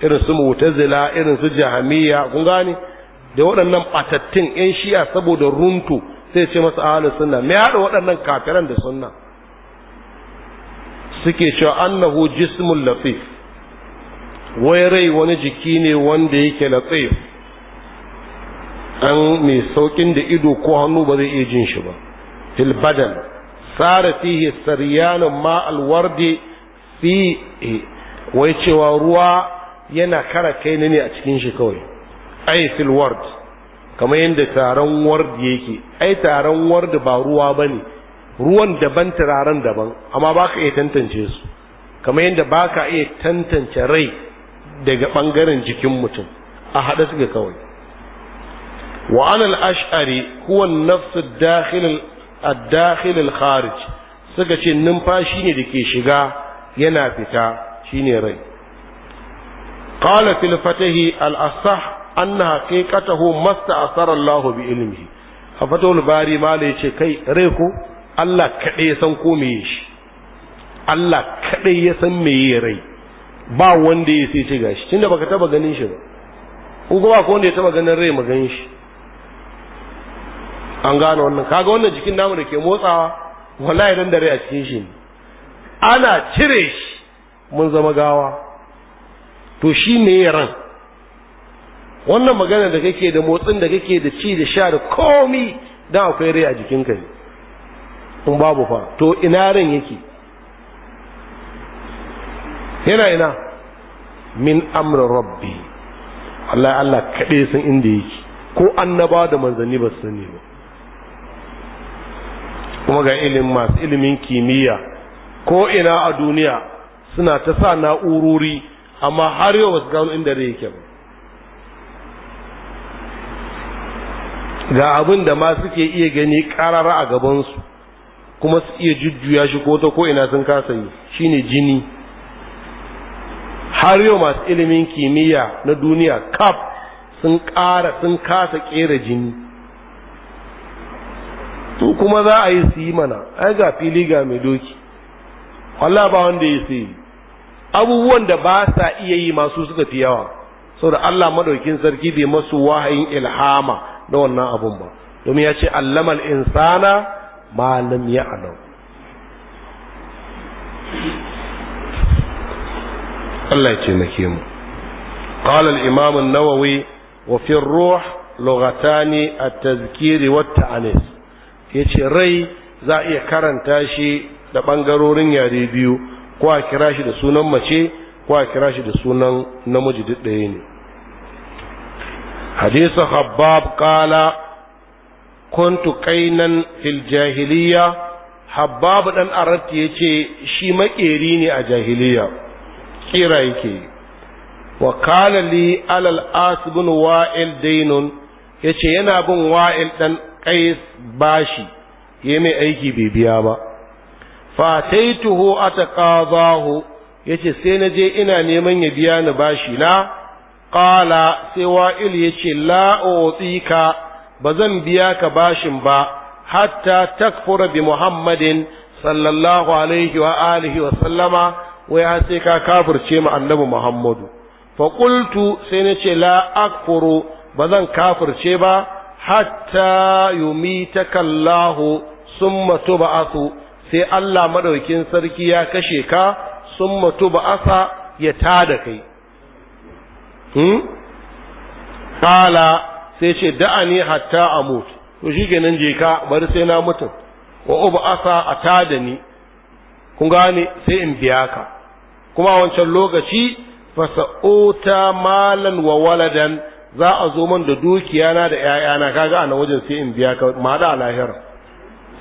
Speaker 1: irin su mu'tazila irin su jahamiya kun gane da waɗannan batattun yan shi'a saboda runtu sai ce masa ahli sunna me ya waɗannan kafiran da sunna suke cewa annahu jismul latif wai rai wani jiki ne wanda yake latse an mai saukin da ido ko hannu ba zai iya jin shi ba fil badan sara fihi saryan ma alwardi fi wai cewa ruwa yana kara kai ne a cikin shi kawai ai fil ward kamar yadda taron ward yake ai taron ward ba ruwa bane ruwan daban turaren daban amma baka iya tantance su kamar yadda baka iya tantance rai daga ɓangaren jikin mutum a haɗa suke kawai wa anal ash'ari huwa nafsu dakhil ad-dakhil kharij suka ce numfashi ne da ke shiga yana fita shine rai qala fil fatahi al-asah anna haqiqatahu masta'asara Allah bi ilmihi a bari mala yace kai rai ko Allah kaɗai ya san ko me shi Allah ya san me rai ba wanda ya sai ce gashi tunda baka taba ganin shi ba ko kuma ko wanda ya taba ganin rai mu ganin shi an gano wannan kaga wannan jikin namu da ke motsawa wallahi dan da rai a cikin shi ana cire shi mun zama gawa to shi ne ran wannan magana da kake da motsin da kake da ci da sha da komi dan akwai rai a ka ne in babu fa to ina ran yake yana ina min amrin rabbi Allah Allah kaɗai san inda yake ko annaba da manzanni ba su sani ba kuma ga ilimin masu ilimin kimiyya ko ina a duniya suna ta sa na'urori amma har yau wasu gano inda da yake ba ga abin da ma suke iya gani karara a gabansu kuma su iya jujjuya shi ko ta ko ina sun kasa yi shine jini har yau masu ilimin kimiyya na duniya kaf sun ƙara sun kasa ƙera jini to kuma za a yi su yi mana ai ga fili ga mai doki wallah ba wanda ya sai abubuwan da ba sa iya yi masu suka fi yawa saboda Allah madaukin sarki bai masu wahayin ilhama da wannan abun ba domin ya ce allamal insana ma lam ya'lam Allah ya taimake mu قال الإمام النووي وفي الروح لغتان التذكير والتعنيف yace rai za a iya karanta shi da ɓangarorin yare biyu ko a kira shi da sunan mace ko a kira shi da sunan namiji duk ɗaya ne hadisu habbab kala kuntu kainan fil jahiliya habbab dan arati yace shi makeri ne a jahiliya kira yake wa kala li alal as wa'il dainun yace yana bin wa'il dan qais bashi yayi mai aiki bai biya ba fataituhu ataqadahu yace sai na je ina neman ya biya ni bashi na Ƙala. sai wa'il yace la utika bazan biya ka bashin ba hatta takfura bi muhammadin sallallahu alaihi wa alihi wa sallama wai an sai ka kafirce mu annabi muhammadu fa qultu sai na ce la akfuru ba zan kafirce ba hatta yumitaka allah summa tub'athu sai allah madaukin sarki ya kashe ka summa tub'asa ya tada kai hmm qala sai ce da'ani hatta amut to shikenan je ka bari sai na mutum wa ub'asa tada ni kun gane sai in biya ka kuma a wancan lokaci fasa'uta malan wa waladan za a zo man da dukiya na da ‘ya'yana kaga a wajen sai in biya ka ma da lahira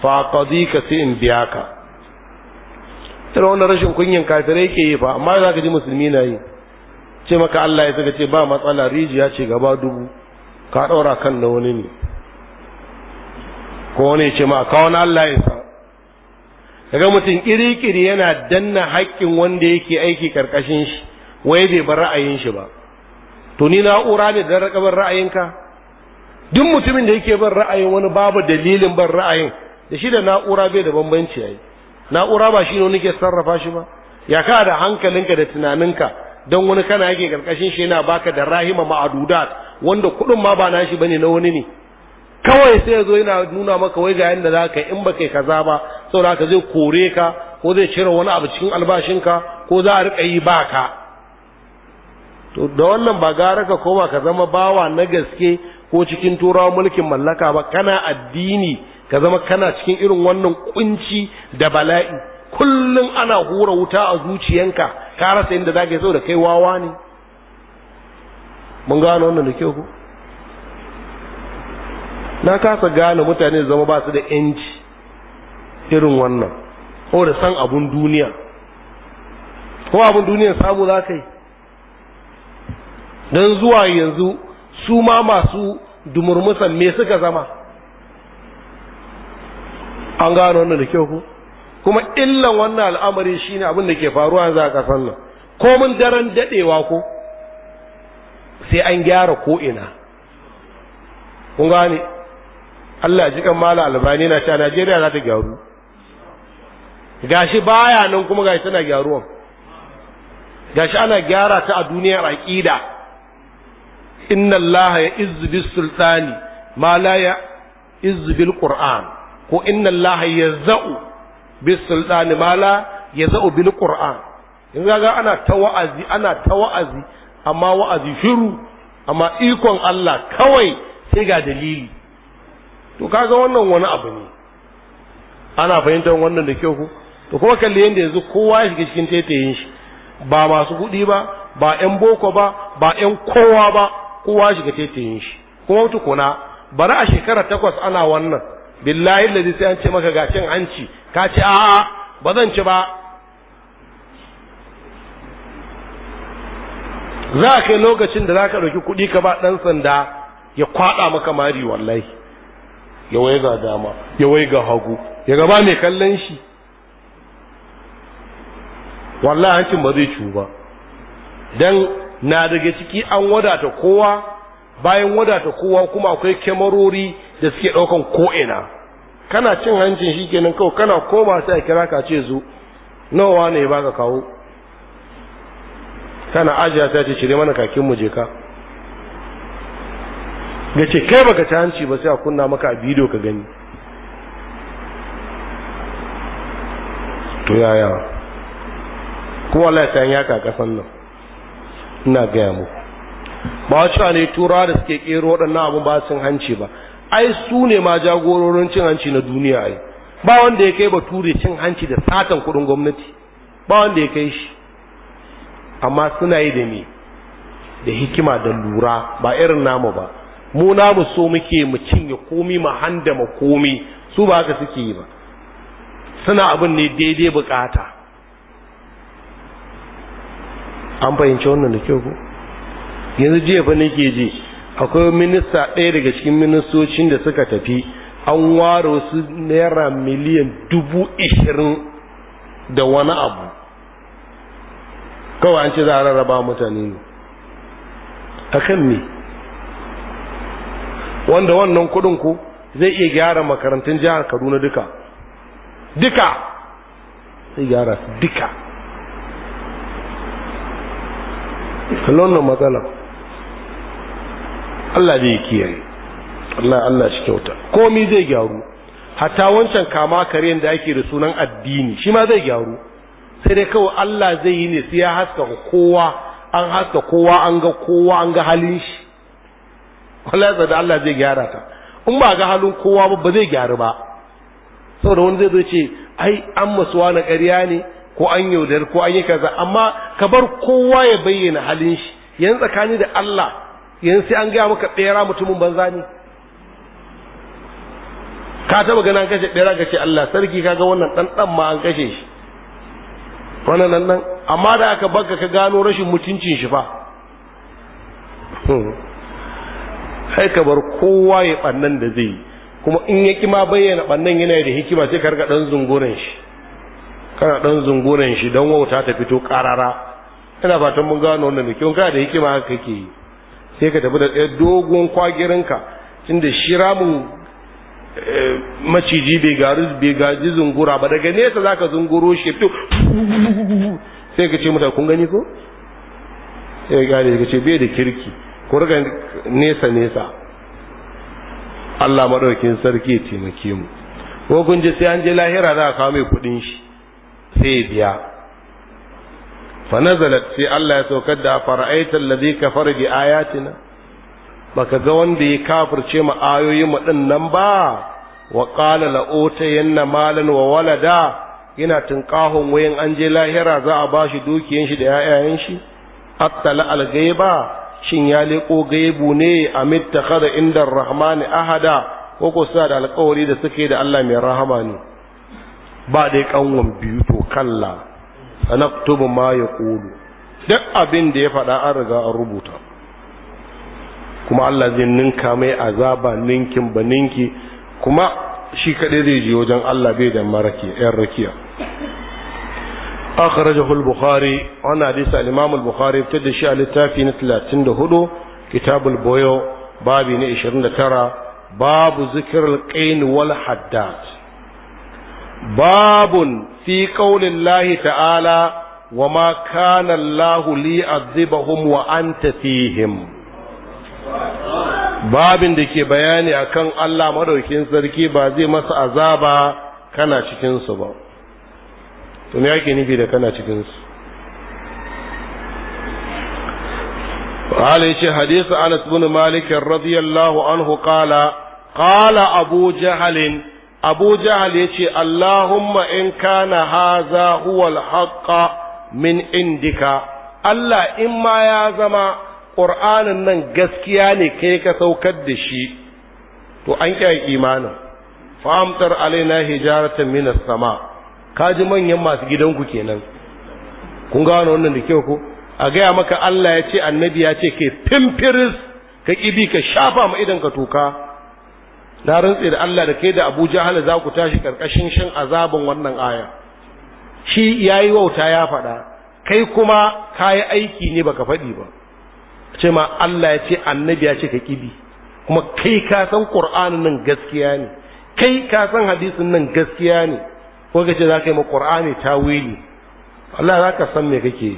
Speaker 1: fa ka sai in biya ka tana wannan rashin kunyin kafirai ke yi fa amma za ka ji musulmi na yi ce maka Allah ya saka ce ba matsala rijiya ce gaba dubu ka ɗaura kan na wani ne ko wani ce ma kawo na Allah ya sa kaga mutum kirikiri yana danna haƙƙin wanda yake aiki ƙarƙashin shi wai bai bar ra'ayin shi ba to ni na'ura ne da rakabar ra'ayinka duk mutumin da yake bin ra'ayin wani babu dalilin ban ra'ayin da shi da na'ura bai da bambanci yayi na'ura ba shi ne wani ke sarrafa shi ba ya ka da hankalinka da tunaninka don wani kana yake ƙarƙashin shi yana baka da rahima ma'adudat wanda kuɗin ma ba nashi bane na wani ne kawai sai ya zo yana nuna maka wai ga yadda za ka yi in ba kai kaza ba saboda ka zai kore ka ko zai cire wani abu cikin albashinka ko za a riƙa yi ba ka to da wannan ba gara ka koma ka zama bawa na gaske ko cikin turawa mulkin mallaka ba kana addini ka zama kana cikin irin wannan kunci da bala'i kullum ana hura wuta a zuciyanka ka rasa inda za ka yi da kai wawa ne mun gano wannan da kyau ko na kasa gane mutane zama ba su da yanci irin wannan ko da san abun duniya ko abun duniya samu za ka yi don zuwa yanzu su ma masu dumurmusan me suka zama an gano wannan da kyau ko? kuma illan wannan al'amari shine abin da ke faruwa za a kasan nan komin daren dadewa ko sai an gyara ko ina kun gane Allah ji kan mala albani na ta Najeriya za ta gyaru gashi baya nan kuma gashi tana gyaruwan gashi ana gyara ta a duniyar aqida inna Allah ya izzu bis sultani ma ya izzu bil qur'an ko inna Allah za'u bis sultani ma la za'u bil qur'an in ga ana ta wa'azi ana ta wa'azi amma wa'azi shiru amma ikon Allah kawai sai ga dalili to kaga wannan wani abu ne ana fahimtar wannan da kyau ku to kuma kalli yadda yanzu kowa ya shiga cikin taitayin shi ba masu kuɗi ba ba ƴan boko ba ba ƴan kowa ba kowa ya shiga taitayin shi kuma tukuna bari a shekara takwas ana wannan billahi ladi sai an ce maka ga cin hanci ka ce a'a ba zan ci ba za a kai lokacin da za ka ɗauki kuɗi ka ba ɗan sanda ya kwaɗa maka mari wallahi ya ga dama ya ga hagu ya gaba mai kallon shi wallahi hancin ba zai cu ba dan na daga ciki an wadata kowa bayan wadata kowa kuma akwai kyamarori da suke ɗaukan ko'ina kana cin hancin shi kenan kawai kana koma sai a kira ka ce zo nawa ne ba ka kawo kana ajiya ta ce cire mana kakin mu je ka ga ce kai baka ci hanci ba sai a kunna maka a bidiyo ka gani to yaya kuma Allah ya yaka kasan nan ina gaya muku ba cewa ne tura da suke kero waɗannan abun ba sun hanci ba ai su ne ma jagororin cin hanci na duniya ai ba wanda ya kai ba ture cin hanci da satan kuɗin gwamnati ba wanda ya kai shi amma suna yi da me da hikima da lura ba irin namu ba mu na mu so muke mu cinye komi mu handa mu komi su ba haka suke yi ba suna abin ne daidai bukata an fahimci wannan da kyau ko yanzu jiya fa nake ji akwai minista ɗaya daga cikin ministocin da suka tafi an waro wasu naira miliyan dubu ishirin da wani abu kawai an ce za a rarraba mutane ne a kan me wanda wannan kuɗin ku zai iya gyara makarantun jihar kaduna duka duka zai gyara su duka kallon nan matsala Allah zai kiyaye Allah Allah shi kyauta komi zai gyaru hatta wancan kama karen da ake da sunan addini shi ma zai gyaru sai dai kawai Allah zai yi ne sai ya haska kowa an haska kowa an ga kowa an ga halin shi wallahi da Allah zai gyara ta in ba ga halin kowa ba ba zai gyaru ba saboda wani zai zo ce ai an masuwa na ƙarya ne ko an yaudar ko an yi kaza amma ka bar kowa ya bayyana halin shi yan tsakani da Allah yan sai an gaya maka ɓera mutumin banza ne ka taba ganin an kashe ɓera ka ce Allah sarki kaga wannan dan dan ma an kashe shi wannan nan amma da aka baka ka gano rashin mutuncin shi fa hmm. sai ka bar kowa ya bannan da zai kuma in ya kima bayyana bannan yana da hikima sai ka riga dan zungurin shi kana dan zungurin shi dan wauta ta fito karara ina fatan mun gano wannan da kyau kana da hikima haka kake sai ka tafi da ɗaya dogon kwagirinka tunda shi ramin eh, maciji bai gari bai gaji zungura ba daga nesa zaka zunguro shi to sai ka ce mutane kun gani ko sai ka gane ka ce bai da kirki ku riga nesa nesa Allah madaukin sarki ya taimake mu ko kun ji sai an je lahira za a kawo mai kudin shi sai ya biya fa nazalat sai Allah ya saukar da fara'aita allazi kafara bi ayatina baka ga wanda ya kafirce mu ayoyin mu din nan ba wa qala la utayanna malan wa walada yana tunkahon wayan an je lahira za a bashi dukiyan shi da 'ya'yan shi attala al-ghaiba shin ya leko gaibu ne a mittakhadha inda rahmani ahada ko ko suna da alkawari da suke da Allah mai rahama ne ba dai kanwan biyu to kalla sanaktubu ma ya kulu duk abin da ya faɗa an riga an rubuta kuma Allah zai ninka mai azaba ninkin ba ninki kuma shi kaɗai zai je wajen Allah bai da maraki yan rakiya akhrajahu al-bukhari wannan hadisi al-imam al-bukhari fitar da shi a littafi na 34 kitabul boyo babi na 29 babu zikr al-qain wal haddad babun fi qaulillahi ta'ala wa ma kana Allah li'adhibahum wa anta fihim babin da ke bayani akan Allah madaukin sarki ba zai masa azaba kana cikin su ba to me ake nufi da kana cikin su قال يشي حديث أنس بن مالك رضي الله عنه قال قال أبو جهل أبو جهل يشي اللهم إن كان هذا هو الحق من عندك Allah in ma ya zama ƙur'anin nan gaskiya ne kai ka saukar da shi to an kya imanin fa'amtar alaina hijaratan minas sama Ka ji manyan masu gidanku kenan kun wani wannan da kyau ko a gaya maka Allah ya ce annabi ya ce ke pimpiris ka kibi ka shafa ma idan ka toka na rantse da Allah da kai da Abu Jahal za ku tashi karkashin shin azabin wannan aya shi yayi wauta ya faɗa kai kuma kayi aiki ne baka faɗi ba ce ma Allah ya ce annabi ya ce ka kibi kuma kai ka san Qur'anin nan gaskiya ne kai ka san hadisin nan gaskiya ne ko ka ce za ka yi ma ƙur'ani tawili Allah za ka san me kake yi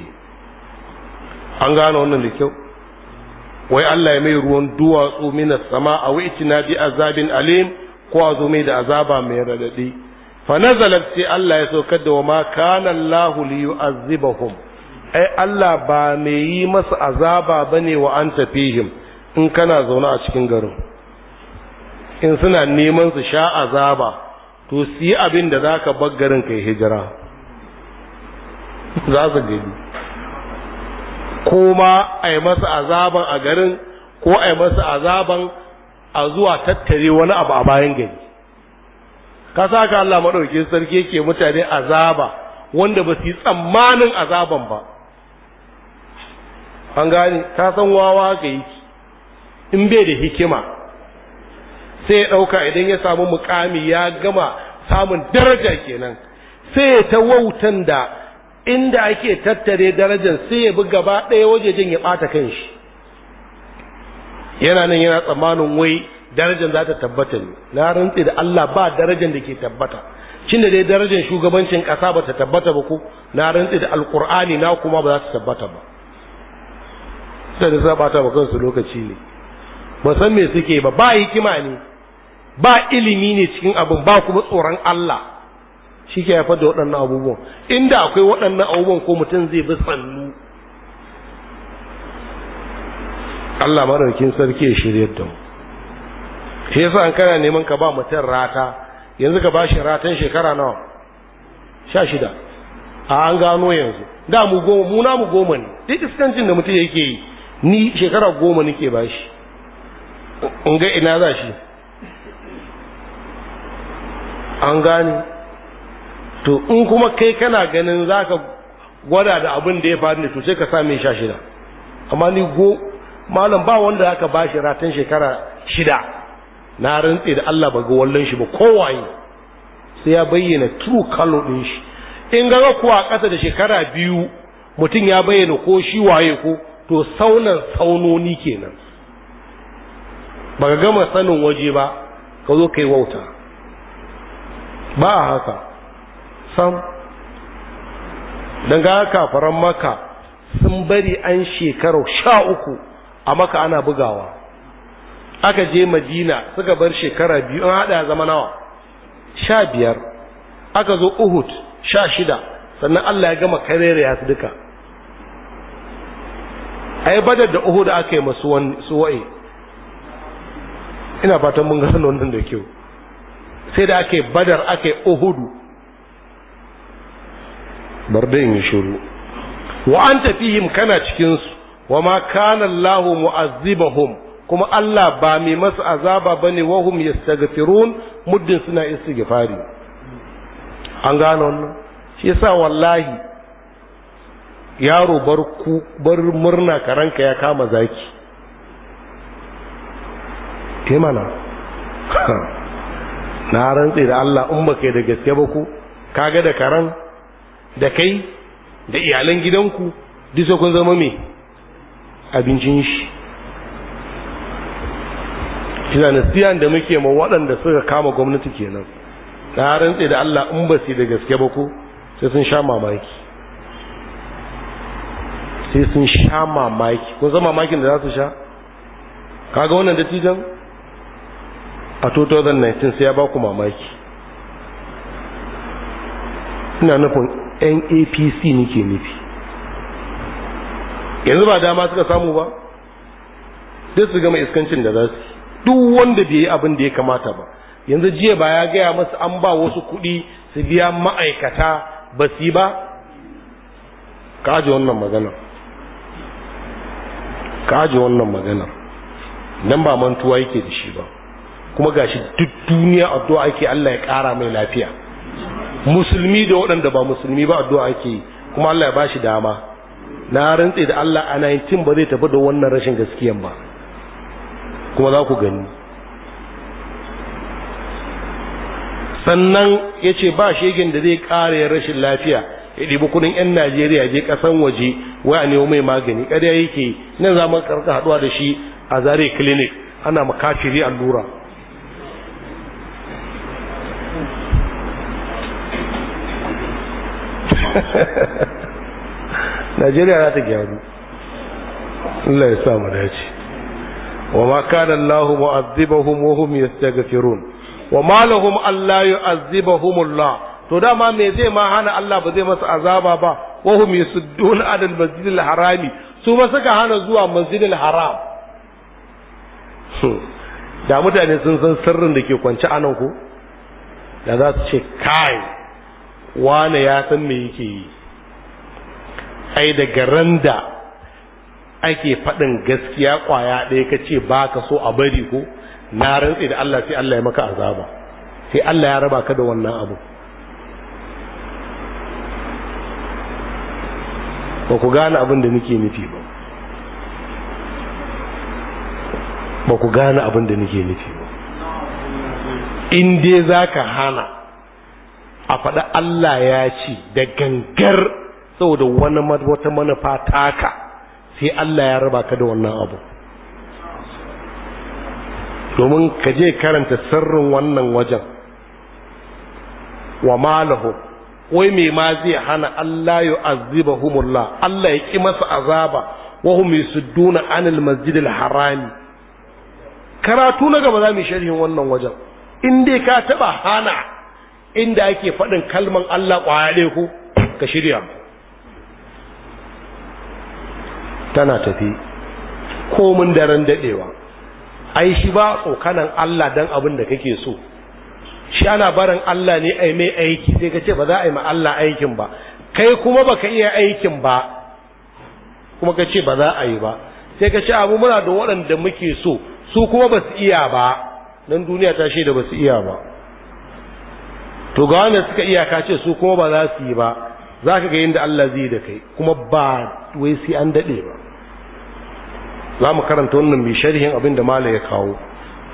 Speaker 1: an gano wannan da kyau wai Allah ya mai ruwan duwatsu mina sama a wa'ici na bi azabin alim ko a zo mai da azaba mai radadi fa nazalat sai Allah ya saukar da wa ma kana Allah li yu'azzibahum ai Allah ba mai yi masa azaba bane wa an tafihim in kana zaune a cikin garin in suna neman su sha azaba to si abin da za ka baggarin kai hijira za su gani ko a yi masa azaban a garin ko a yi masa azaban a zuwa tattare wani abu a bayan gari ka sa ka Allah maɗauki sarki yake mutane azaba wanda ba su yi tsammanin azaban ba an gane ka san wawa ka yi in bai da hikima sai ya ɗauka idan ya samu mukami ya gama samun daraja kenan sai ta wautan da inda ake tattare darajar sai ya bi gaba ɗaya wajejen ya ɓata kan shi yana nan yana tsammanin wai darajar za ta tabbata ne na rantse da Allah ba darajar da ke tabbata cin da dai darajar shugabancin ƙasa ba ta tabbata ba ko na rantse da alƙur'ani na kuma ba za ta tabbata ba sai da za ba ba kansu lokaci ne ba san me suke ba ba hikima ne ba ilimi ne cikin abin ba kuma tsoron Allah shi ke haifar da waɗannan abubuwan inda akwai waɗannan abubuwan ko mutum zai bi sannu Allah mararkin sarki ya shirya da mu shi yasa an kana neman ka ba mutum rata yanzu ka ba shi ratan shekara nawa sha shida a an gano yanzu da mu goma mu goma ne duk iskancin da mutum yake yi ni shekara goma nake ba shi in ga ina za shi an gane to in kuma kai kana ganin za ka gwada da abin da ya faru ne to sai ka same sha shida amma ni go malam ba wanda aka ba shi ratan shekara shida na rantse da Allah ba ga wallan shi ba kowaye sai ya bayyana true kalo din shi in ga kuwa kasa da shekara biyu mutum ya bayyana ko shi waye ko to saunan saunoni kenan ba ka gama sanin waje ba ka zo kai wauta ba haka sam daga kafaran maka sun bari an shekaru sha uku a maka ana bugawa aka je madina suka bar shekara biyu an haɗa zama nawa sha biyar aka zo uhud sha shida sannan allah ya gama karere ya su duka yi badar da uhud aka yi masu wani ina fatan mun gano nan da kyau sai da ake badar ake uhudu bar da yin shuru wa an tafihim kana cikinsu wa ma kana Allahu mu'azzibahum kuma Allah ba mai masu azaba bane wa hum yastaghfirun muddin suna istighfari an gano wannan shi yasa wallahi yaro bar ku bar murna karanka ya kama zaki ke na rantse da Allah in ba kai da gaske ba ku kaga da karan da kai da iyalan gidanku duk kun zama me abincin shi kina nasiyan da muke ma waɗanda suka kama gwamnati kenan na rantse da Allah in ba da gaske ba ku sai sun sha mamaki sai sun sha mamaki ko zama mamakin da za su sha kaga wannan dattijan a 2019 sai ya ba ku mamaki ina nufin napc nike nufi yanzu ba dama suka samu ba duk su gama iskancin da za su duk wanda bai yi abin da ya kamata ba yanzu jiya ba ya gaya masu an ba wasu kuɗi su biya ma'aikata ba su yi ba ka wannan magana ka aji wannan maganar don ba mantuwa yake da shi ba kuma ga gashi duk duniya addu'a ake Allah ya ƙara mai lafiya musulmi da waɗanda ba musulmi ba addu'a ake kuma Allah ya bashi dama na rantse da Allah a 19 ba zai tafi da wannan rashin gaskiyan ba kuma za ku gani sannan ya ce ba shegin da zai kare rashin lafiya ya ɗibi kudin 'yan najeriya je ƙasan waje wai a nemo mai magani ƙarya yake nan za mu karka haɗuwa da shi a zare clinic ana makafiri allura najeriya za ta gyaru Allah ya samu dace wa ma kana Allah mu'azzibahum wa hum yastaghfirun wa ma lahum alla yu'azzibahum Allah to dama me zai ma hana Allah ba zai masa azaba ba wa hum yasuddun adal masjidil harami su ma suka hana zuwa masjidil haram da mutane sun san sirrin da ke kwance anan ko da za su ce kai wane ya san me yake yi ai daga da ake faɗin gaskiya ƙwaya ɗaya ka ce ba ka so a bari ko na rantse da Allah sai Allah ya maka azaba sai Allah ya raba ka da wannan abu ba ku gane abin da nake nufi ba ba ku gane abin da nake nufi ba in dai za ka hana a faɗa Allah ya ce da gangar saboda wani wata manufa taka sai Allah ya raba ka da wannan abu domin ka je karanta sirrin wannan wajen wa malahu wai mai ma zai hana Allah ya azibahumullah Allah ya ƙi masa azaba wa hum yasudduna anil masjidil harami karatu na gaba za mu sharhin wannan wajen in dai ka taba hana inda ake faɗin kalman Allah ƙwaya ku ka shirya tana tafi komin daren daɗewa ai shi ba tsokanan Allah don abin da kake so shi ana barin Allah ne ai mai aiki sai ka ce ba za a yi ma Allah aikin ba kai kuma baka iya aikin ba kuma ka ce ba za a yi ba sai ka ce abu muna da waɗanda muke so su kuma ba su iya ba nan duniya ta shaida ba su iya ba to ga wanda suka iyaka ce su kuma ba za su yi ba za ka ga yadda Allah zai da kai kuma ba wai sai an daɗe ba za mu karanta wannan mai sharhin abin da mala ya kawo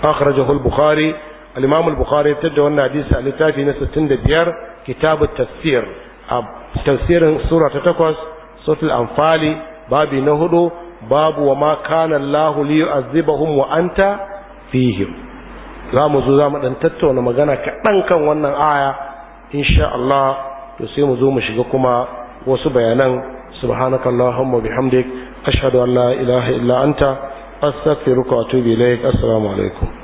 Speaker 1: akhrajahu al-bukhari al-imam al-bukhari da wannan hadisi a littafi na 65 kitab at-tafsir a tafsirin sura ta 8 suratul anfali babi na hudu babu wa ma kana Allah li yu'azzibahum wa anta fihim za mu zo za mu ɗan tattauna magana kaɗan kan wannan aya insha Allah to sai mu zo mu shiga kuma wasu bayanan سبحانك اللهم وبحمدك أشهد أن لا إله إلا أنت أستغفرك وأتوب إليك السلام عليكم